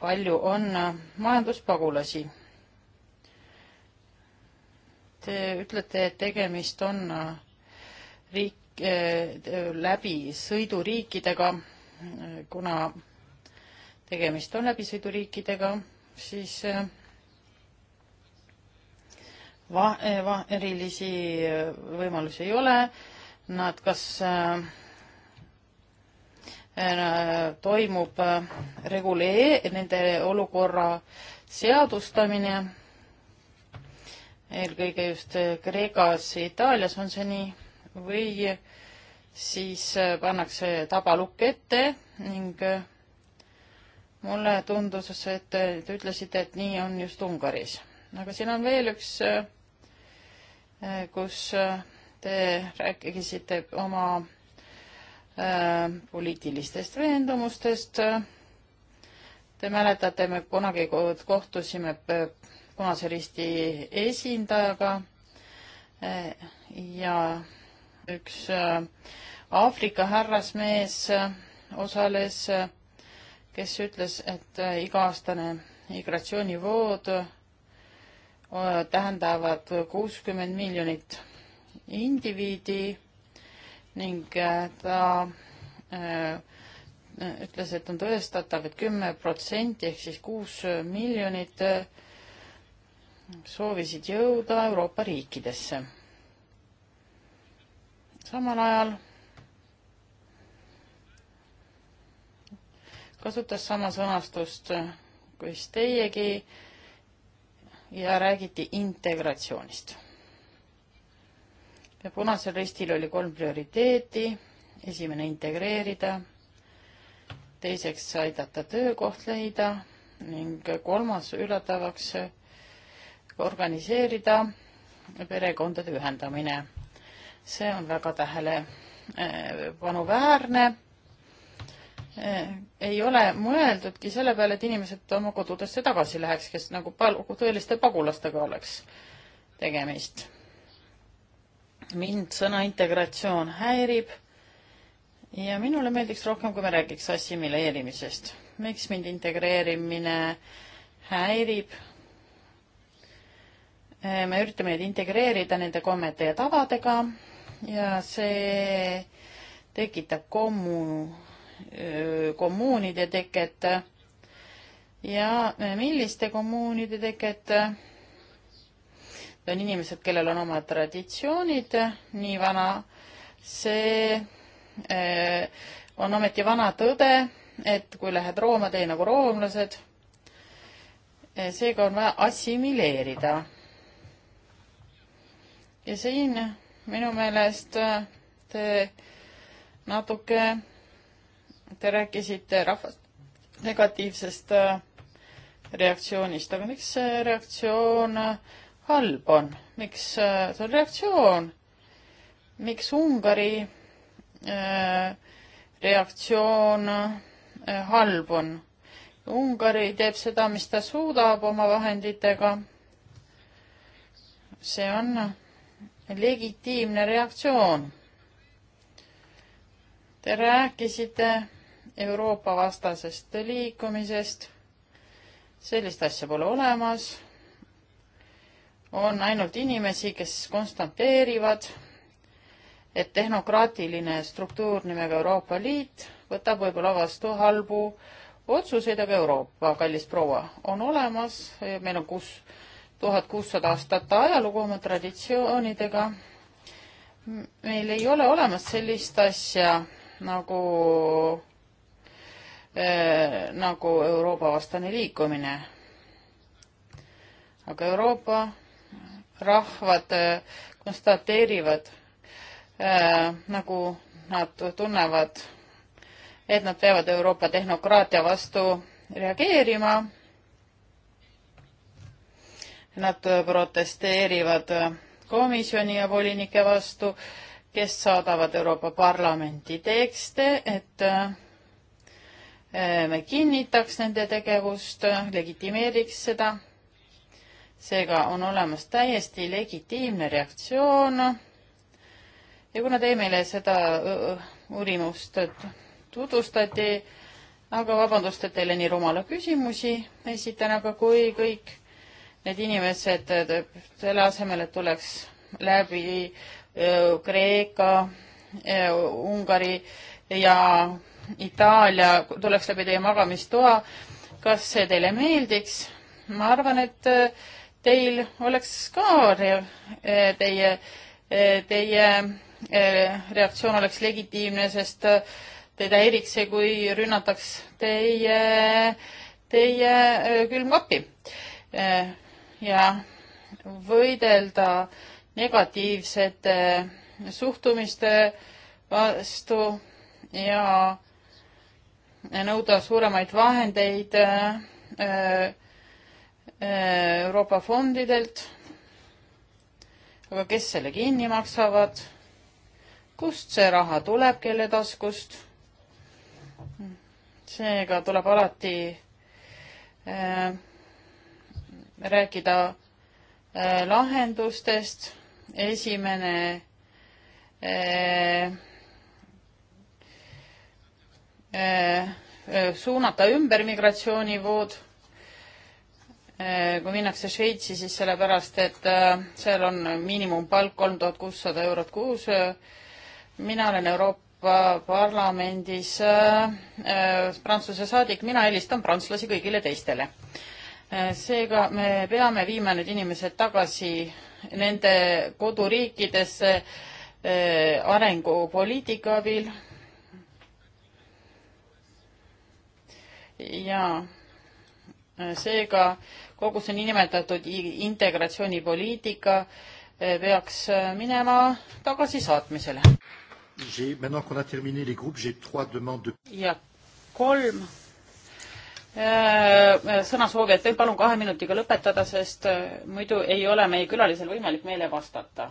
palju on majanduspagulasi. Te ütlete, et tegemist on riik, läbi sõiduriikidega, kuna tegemist on läbisõiduriikidega, siis äh, va-, äh, va-, erilisi äh, võimalusi ei ole, nad kas äh, toimub regulee-, nende olukorra seadustamine, eelkõige just Kreekas ja Itaalias on see nii, või siis pannakse tabalukk ette ning äh, mulle tundus, et te ütlesite, et nii on just Ungaris. aga siin on veel üks, äh, äh, kus äh, te rääkisite oma poliitilistest veendumustest. Te mäletate, me kunagi kohtusime Punase Risti esindajaga ja üks Aafrika härrasmees osales kes ütles, et äh, iga-aastane migratsioonivood äh, tähendavad kuuskümmend miljonit indiviidi ning äh, ta ütles, et on tõestatav et, et kümme protsenti ehk siis kuus miljonit soovisid jõuda Euroopa riikidesse. samal ajal kasutas sama sõnastust kui teiegi ja räägiti integratsioonist. ja Punasel Ristil oli kolm prioriteeti, esimene integreerida, teiseks aidata töökoht leida ning kolmas üllatavaks organiseerida perekondade ühendamine. see on väga tähelepanuväärne eh, Eh, ei ole mõeldudki selle peale, et inimesed oma kodudesse tagasi läheks, kes nagu tõeliste pagulastega oleks tegemist. mind sõna integratsioon häirib ja minule meeldiks rohkem, kui me räägiks assimileerimisest. miks mind integreerimine häirib? Eh, me üritame neid integreerida nende kommete ja tavadega ja see tekitab kommu kommuunide teket ja milliste kommuunide teket. Need on inimesed, kellel on oma traditsioonid, nii vana, see on ometi vana tõde, et kui lähed Rooma, tee nagu roomlased. seega on vaja assimileerida. ja siin minu meelest te natuke Te rääkisite rahvast negatiivsest äh, reaktsioonist, aga miks see reaktsioon äh, halb on, miks äh, see on reaktsioon, miks Ungari reaktsioon halb on? Ungari teeb seda, mis ta suudab oma vahenditega. see on legitiimne reaktsioon. Te rääkisite Euroopa vastasest liikumisest. sellist asja pole olemas. on ainult inimesi, kes konstateerivad, et tehnokraatiline struktuur nimega Euroopa Liit võtab võib-olla vastu halbu otsuseid, aga Euroopa, kallis proua, on olemas, meil on kus tuhat kuussada aastat ajalugu oma traditsioonidega. meil ei ole olemas sellist asja nagu Äh, nagu Euroopa vastane liikumine. aga Euroopa rahvad äh, konstateerivad äh, nagu nad tunnevad, et nad peavad Euroopa tehnokraatia vastu reageerima. Nad protesteerivad komisjoni ja volinike vastu, kes saadavad Euroopa Parlamenti tekste, et Äh, me kinnitaks nende tegevust, legitimeeriks seda. seega on olemas täiesti legitiimne reaktsioon. ja kuna teie meile seda uurimust tutvustati, aga vabandust, et teile nii rumala küsimusi esitan, aga kui kõik need inimesed selle asemel, et tuleks läbi Kreeka, Ungari ja Itaalia tuleks läbi teie magamistoa. kas see teile meeldiks? ma arvan, et äh, teil oleks ka äh, teie, äh, teie reaktsioon oleks legitiimne, sest teid häiriks see, kui rünnataks teie, teie külmkapi. ja võidelda negatiivsete suhtumiste vastu ja nõuda suuremaid vahendeid äh, äh, Euroopa fondidelt. aga kes selle kinni maksavad? kust see raha tuleb, kelle taskust? seega tuleb alati äh, rääkida äh, lahendustest. esimene äh, Äh, äh, suunata ümber migratsioonivood, äh, kui minnakse Šveitsi, siis sellepärast, et seal on miinimumpalk kolm tuhat kuussada eurot kuus. mina olen Euroopa Parlamendis Prantsuse saadik, mina eelistan prantslasi kõigile teistele. seega me peame viima need inimesed tagasi nende koduriikidesse arengupoliitika abil ja äh, seega kogu see niinimetatud integratsioonipoliitika äh, peaks äh, minema tagasisaatmisele. ja kolm sõnasoovijat, teil palun kahe minutiga lõpetada, sest muidu ei ole meie külalisel võimalik meile vastata.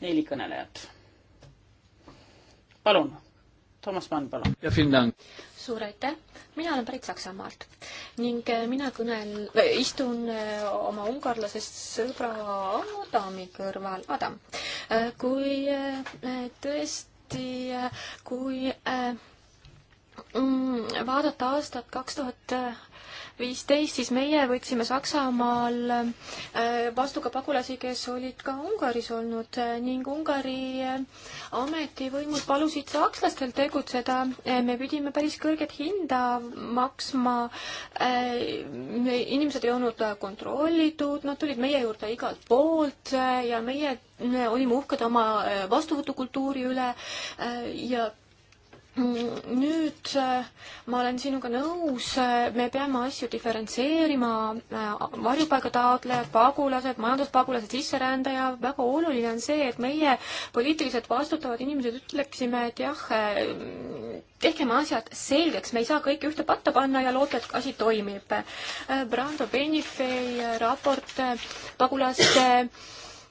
neli kõnelejat. palun, Toomas Mann, palun suur aitäh, mina olen pärit Saksamaalt ning äh, mina kõnel, äh, istun äh, oma ungarlasest sõbra Adami kõrval, Adam. kui tõesti, kui mm, vaadata aastat kaks tuhat viisteist, siis meie võtsime Saksamaal äh, vastu ka pagulasi, kes olid ka Ungaris olnud äh, ning Ungari äh, ametivõimud palusid sakslastel tegutseda. me pidime päris kõrget hinda maksma. inimesed ei olnud kontrollitud, nad tulid meie juurde igalt poolt ja meie olime uhked oma vastuvõtukultuuri üle ja Mm, nüüd äh, ma olen sinuga nõus, äh, me peame asju diferentseerima, äh, varjupaigataotlejad, pagulased, majanduspagulased, sisserändaja, väga oluline on see, et meie poliitiliselt vastutavad inimesed ütleksime, et jah, tehkem asjad selgeks, me ei saa kõike ühte patta panna ja loota, et asi toimib. Brando Benifei raport pagulaste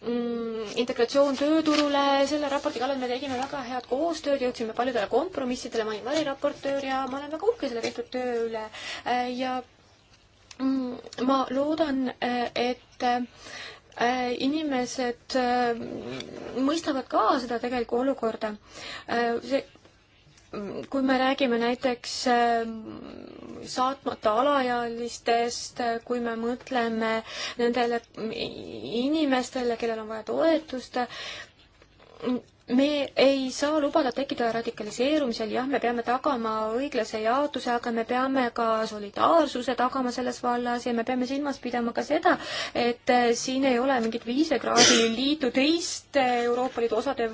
Mm, integratsioon tööturule, selle raporti kallal me tegime väga head koostööd, jõudsime paljudele kompromissidele, ma olin variraportöör ja ma olen väga uhke selle tehtud töö üle äh, ja mm, ma loodan, äh, et äh, inimesed mõistavad ka seda tegelikku olukorda. see kui me räägime näiteks ähm, saatmata alaealistest, kui me mõtleme nendele inimestele, kellel on vaja toetust, me ei saa lubada tekkida radikaliseerumisel, jah, me peame tagama õiglase jaotuse, aga me peame ka solidaarsuse tagama selles vallas ja me peame silmas pidama ka seda, et äh, siin ei ole mingit Viisegraadi liitu teiste äh, Euroopa Liidu osade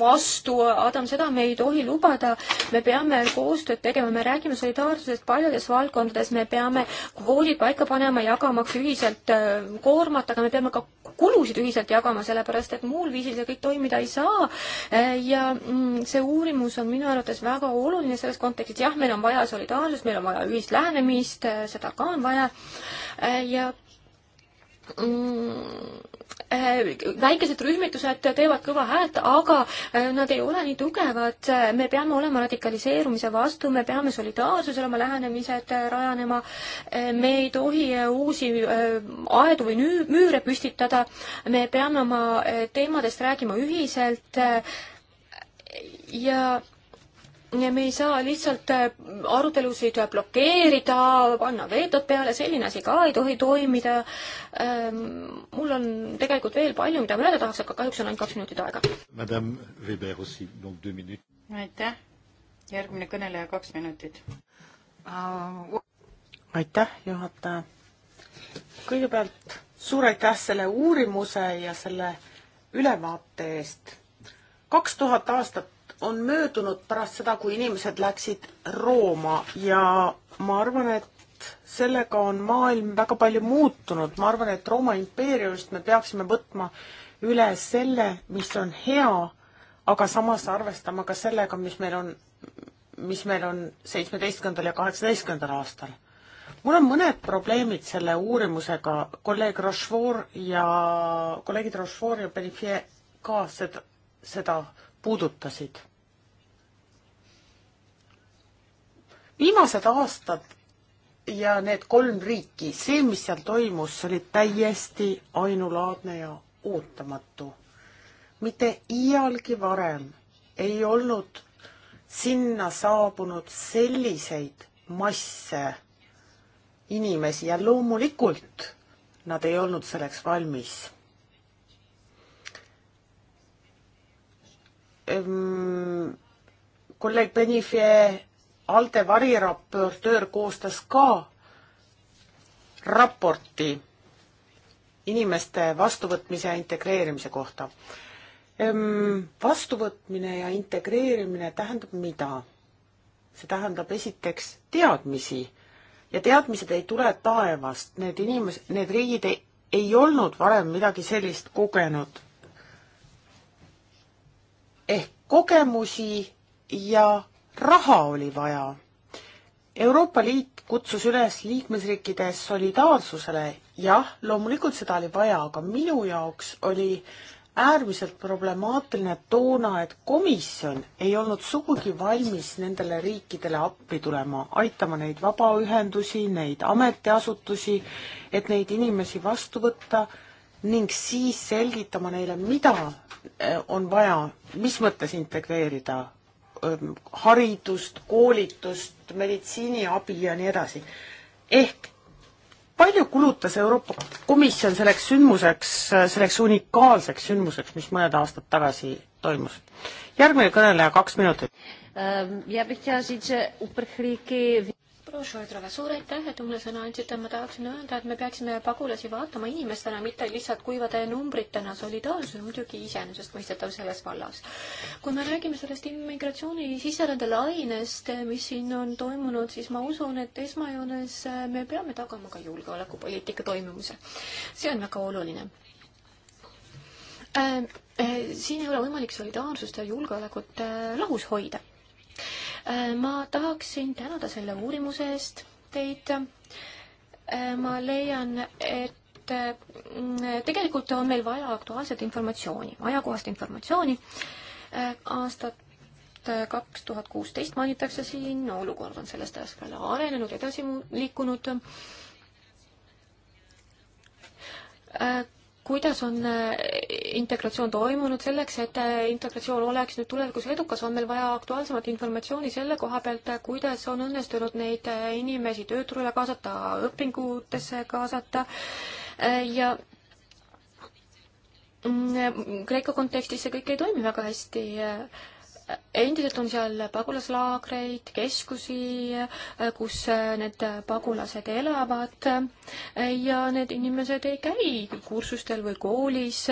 vastu, Adam, seda me ei tohi lubada. me peame koostööd tegema, me räägime solidaarsusest paljudes valdkondades, me peame kvoodid paika panema, jagamaks ühiselt äh, koormat, aga me peame ka kulusid ühiselt jagama, sellepärast et muul viisil see kõik toimida ei saa Äh, ja mm, see uurimus on minu arvates väga oluline selles kontekstis, jah, meil on vaja solidaarsust, meil on vaja ühist lähenemist, äh, seda ka on vaja äh, ja Mm, äh, väikesed rühmitused teevad kõva häält, aga äh, nad ei ole nii tugevad. me peame olema radikaliseerumise vastu, me peame solidaarsusele oma lähenemised äh, rajanema. me ei tohi uusi aedu või müüre püstitada. me peame oma teemadest rääkima ühiselt ja me ei saa lihtsalt äh, arutelusid äh, blokeerida, panna veetod peale, selline asi ka ei tohi toimida. Ähm, mul on tegelikult veel palju, mida öelda tahaks, aga kahjuks on ainult kaks minutit aega. aitäh, järgmine kõneleja, kaks minutit. Äh, aitäh, juhataja. kõigepealt suur aitäh selle uurimuse ja selle ülevaate eest. kaks tuhat aastat on möödunud pärast seda, kui inimesed läksid Rooma ja ma arvan, et sellega on maailm väga palju muutunud, ma arvan, et Rooma impeeriumist me peaksime võtma üle selle, mis on hea, aga samas arvestama ka sellega, mis meil on, mis meil on seitsmeteistkümnendal ja kaheksateistkümnendal aastal. mul on mõned probleemid selle uurimusega, kolleeg Rochefort ja, kolleegid Rochefort ja Benifier ka seda, seda puudutasid viimased aastad ja need kolm riiki, see, mis seal toimus, oli täiesti ainulaadne ja ootamatu. mitte iialgi varem ei olnud sinna saabunud selliseid masse inimesi ja loomulikult nad ei olnud selleks valmis. kolleeg Benifei ALDE variraportöör koostas ka raporti inimeste vastuvõtmise ja integreerimise kohta. Ehm, vastuvõtmine ja integreerimine tähendab mida? see tähendab esiteks teadmisi ja teadmised ei tule taevast, need inimes-, need riigid ei, ei olnud varem midagi sellist kogenud. ehk kogemusi ja raha oli vaja. Euroopa Liit kutsus üles liikmesriikide solidaarsusele, jah, loomulikult seda oli vaja, aga minu jaoks oli äärmiselt problemaatiline toona, et komisjon ei olnud sugugi valmis nendele riikidele appi tulema, aitama neid vabaühendusi, neid ametiasutusi, et neid inimesi vastu võtta ning siis selgitama neile, mida eh, on vaja, mis mõttes integreerida Ähm, haridust, koolitust, meditsiiniabi ja nii edasi. ehk palju kulutas Euroopa Komisjon selleks sündmuseks, äh, selleks unikaalseks sündmuseks, mis mõned aastad tagasi toimus? järgmine kõneleja, kaks minutit. Ähm, proua Šoidrova, suur aitäh, et mulle sõna andsite. ma tahaksin öelda, et me peaksime pagulasi vaatama inimestena, mitte lihtsalt kuivade numbritena. solidaarsus on muidugi iseenesestmõistetav selles vallas. kui me räägime sellest immigratsiooni sisserände lainest, mis siin on toimunud, siis ma usun, et esmajoones äh, me peame tagama ka julgeolekupoliitika toimimise. see on väga oluline äh, äh, siin ei ole võimalik solidaarsust ja julgeolekut äh, lahus hoida Äh, ma tahaksin tänada selle uurimuse eest teid. Äh, ma leian, et äh, tegelikult on meil vaja aktuaalset informatsiooni, ajakohast informatsiooni. aastat kaks tuhat kuusteist mainitakse siin, olukord on sellest ajast peale arenenud, edasi liikunud kuidas on äh, integratsioon toimunud selleks, et äh, integratsioon oleks nüüd tulevikus edukas, on meil vaja aktuaalsemat informatsiooni selle koha pealt, äh, kuidas on õnnestunud neid inimesi tööturule kaasata, õpingutesse kaasata ja mm, Kreeka kontekstis see kõik ei toimi väga hästi endiselt on seal pagulaslaagreid, keskusi, kus need pagulased elavad ja need inimesed ei käi kursustel või koolis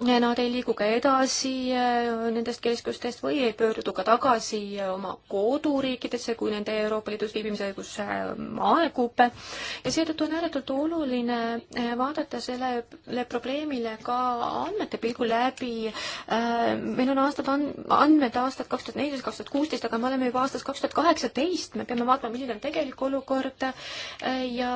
Nad ei liigu ka edasi äh, nendest keskustest või ei pöördu ka tagasi äh, oma koduriikidesse, kui nende Euroopa Liidus viibimise õigus äh, aegub. ja seetõttu on ääretult oluline vaadata sellele probleemile ka andmete pilgu läbi. meil on aastad, andmed aastad kaks tuhat neliteist, kaks tuhat kuusteist, aga me oleme juba aastas kaks tuhat kaheksateist, me peame vaatama, milline on tegelik olukord ja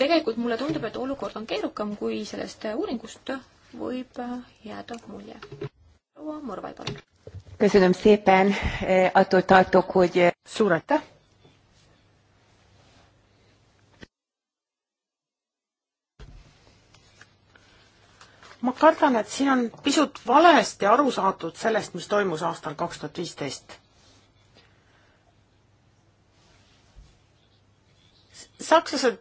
tegelikult mulle tundub, et olukord on keerukam, kui sellest uuringust võib jääda mulje. proua Morvai, palun. Köszönöm szépen, e, attól tartok, hogy... E, Suur aitäh! ma kardan, et siin on pisut valesti aru saadud sellest, mis toimus aastal kaks tuhat viisteist. sakslased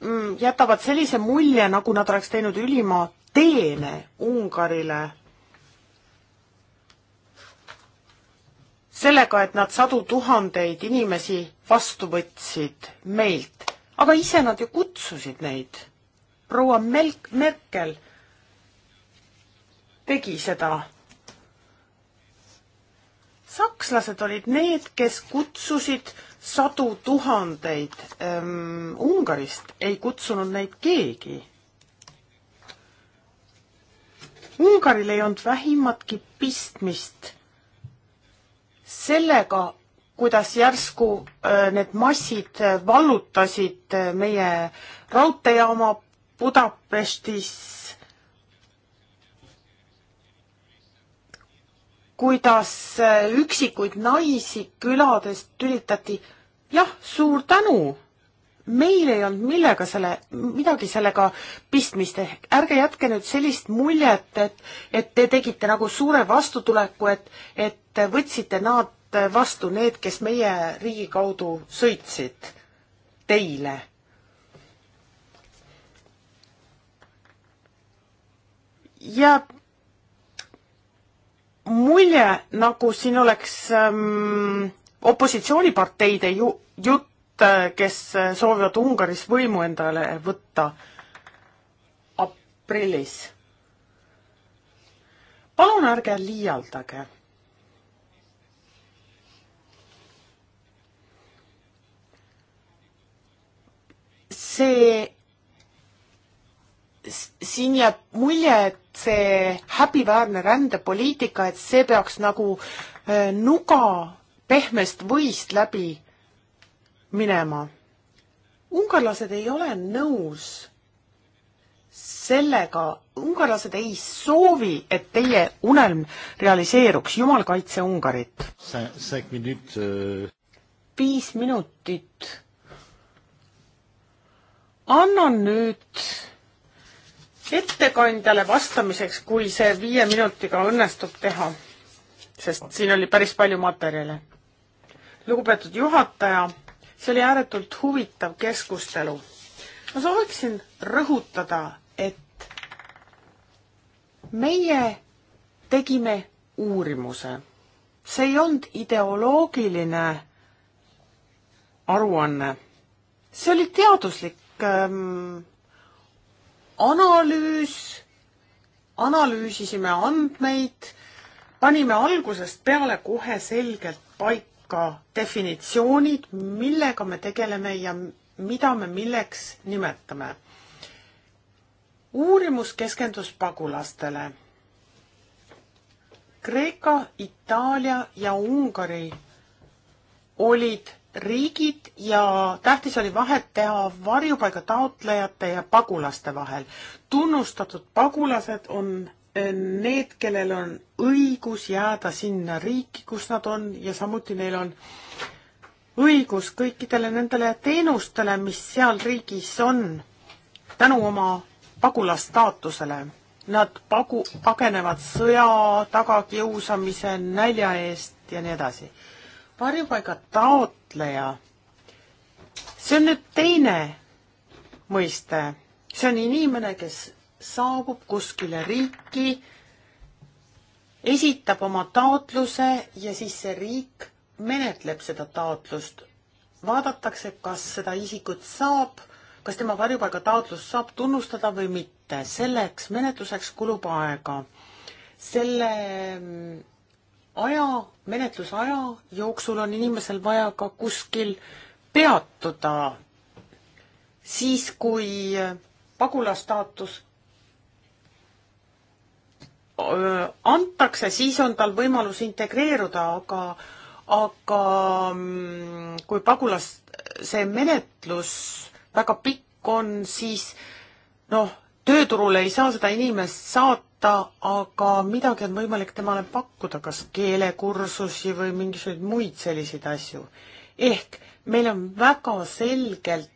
mm, jätavad sellise mulje, nagu nad oleks teinud ülima teene Ungarile sellega, et nad sadu tuhandeid inimesi vastu võtsid meilt, aga ise nad ju kutsusid neid. proua Melk-, Merkel tegi seda. sakslased olid need, kes kutsusid sadu tuhandeid ähm,, Ungarist ei kutsunud neid keegi Ungaril ei olnud vähimatki pistmist sellega, kuidas järsku äh, need massid äh, vallutasid äh, meie raudteejaama Budapestis, kuidas üksikuid naisi küladest tülitati. jah, suur tänu meil ei olnud millega selle, midagi sellega pistmist, ehk ärge jätke nüüd sellist muljet, et, et te tegite nagu suure vastutuleku, et, et võtsite nad vastu, need, kes meie riigi kaudu sõitsid teile. jääb mulje, nagu siin oleks ähm, opositsiooniparteide ju-, jutt, Äh, kes äh, soovivad Ungaris võimu endale võtta aprillis. palun ärge liialdage see, siin jääb mulje, et see häbiväärne rändepoliitika, et see peaks nagu äh, nuga pehmest võist läbi minema. ungarlased ei ole nõus sellega, ungarlased ei soovi, et teie unelm realiseeruks, jumal kaitse Ungarit. Euh. viis minutit. annan nüüd ettekandjale vastamiseks, kui see viie minutiga õnnestub teha, sest siin oli päris palju materjale. lugupeetud juhataja see oli ääretult huvitav keskustelu. ma sooviksin rõhutada, et meie tegime uurimuse. see ei olnud ideoloogiline aruanne. see oli teaduslik ähm, analüüs, analüüsisime andmeid, panime algusest peale kohe selgelt paika, ka definitsioonid, millega me tegeleme ja mida me milleks nimetame. uurimus keskendus pagulastele. Kreeka, Itaalia ja Ungari olid riigid ja tähtis oli vahet teha varjupaiga taotlejate ja pagulaste vahel. tunnustatud pagulased on need, kellel on õigus jääda sinna riiki, kus nad on ja samuti neil on õigus kõikidele nendele teenustele, mis seal riigis on tänu oma pagulastaatusele. Nad pagu, pagenevad sõja, tagakiusamise, nälja eest ja nii edasi. varjupaiga taotleja, see on nüüd teine mõiste, see on inimene, kes saabub kuskile riiki, esitab oma taotluse ja siis see riik menetleb seda taotlust. vaadatakse, kas seda isikut saab, kas tema varjupaigataotlust saab tunnustada või mitte. selleks menetluseks kulub aega. selle mm, aja, menetlusaja jooksul on inimesel vaja ka kuskil peatuda. siis, kui pagulastaatus antakse, siis on tal võimalus integreeruda, aga, aga mm, kui pagulas see menetlus väga pikk on, siis noh, tööturule ei saa seda inimest saata, aga midagi on võimalik temale pakkuda, kas keelekursusi või mingisuguseid muid selliseid asju. ehk meil on väga selgelt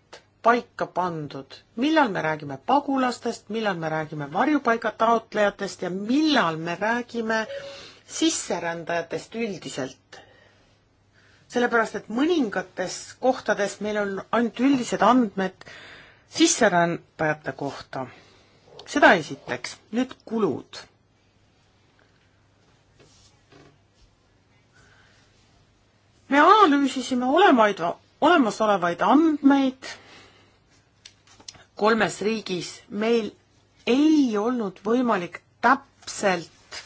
paika pandud, millal me räägime pagulastest, millal me räägime varjupaiga taotlejatest ja millal me räägime sisserändajatest üldiselt. sellepärast, et mõningates kohtades meil on ainult üldised andmed sisserändajate kohta. seda esiteks, nüüd kulud me analüüsisime olemaid, olemasolevaid andmeid kolmes riigis meil ei olnud võimalik täpselt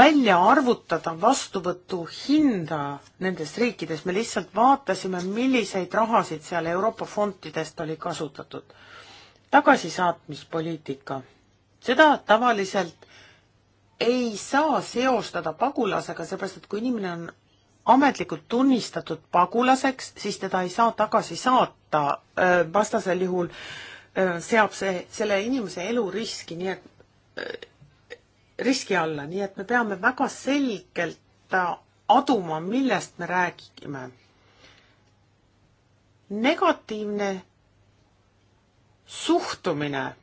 välja arvutada vastuvõtu hinda nendes riikides, me lihtsalt vaatasime, milliseid rahasid seal Euroopa fondidest oli kasutatud. tagasisaatmispoliitika, seda tavaliselt ei saa seostada pagulasega, seepärast et kui inimene on ametlikult tunnistatud pagulaseks, siis teda ei saa tagasi saata, äh, vastasel juhul äh, seab see selle inimese elu riski, nii et, äh, riski alla, nii et me peame väga selgelt aduma, millest me räägime. negatiivne suhtumine.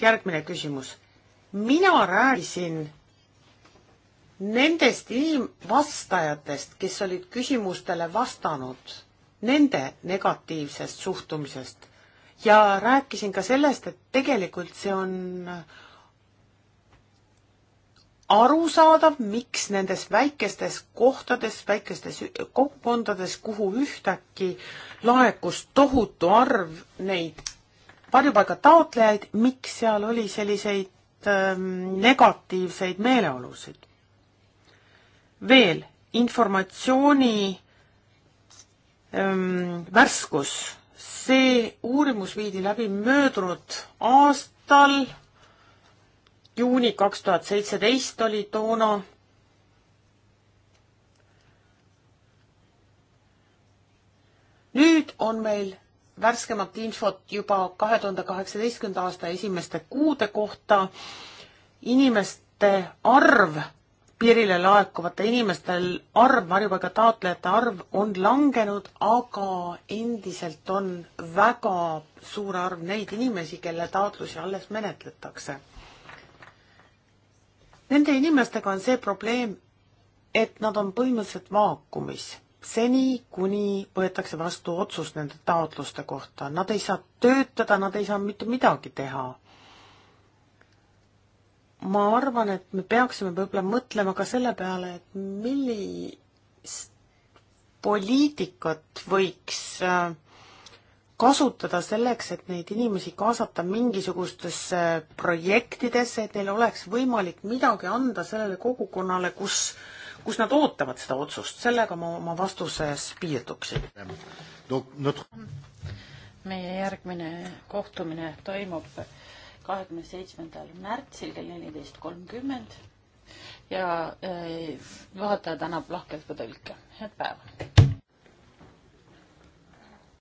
järgmine küsimus. mina rääkisin nendest inim-, vastajatest, kes olid küsimustele vastanud, nende negatiivsest suhtumisest ja rääkisin ka sellest, et tegelikult see on arusaadav, miks nendes väikestes kohtades, väikestes kogukondades, kuhu ühtäkki laekus tohutu arv neid varjupaiga taotlejaid, miks seal oli selliseid ähm, negatiivseid meeleolusid veel informatsiooni ähm, värskus. see uurimus viidi läbi möödunud aastal, juuni kaks tuhat seitseteist oli toona. nüüd on meil värskemat infot juba kahe tuhande kaheksateistkümnenda aasta esimeste kuude kohta. inimeste arv piirile laekuvate inimestel arv, varjupaiga taotlejate arv on langenud, aga endiselt on väga suur arv neid inimesi, kelle taotlusi alles menetletakse. Nende inimestega on see probleem, et nad on põhimõtteliselt vaakumis seni, kuni võetakse vastu otsus nende taotluste kohta. Nad ei saa töötada, nad ei saa mitte midagi teha ma arvan, et me peaksime võib-olla mõtlema ka selle peale, et millist poliitikat võiks äh, kasutada selleks, et neid inimesi kaasata mingisugustesse projektidesse, et neil oleks võimalik midagi anda sellele kogukonnale, kus, kus nad ootavad seda otsust, sellega ma oma vastuses piirduksin. meie järgmine kohtumine toimub kahekümne seitsmendal märtsil kell neliteist kolmkümmend ja eh, juhataja tänab lahkelt ka tõlke. head päeva!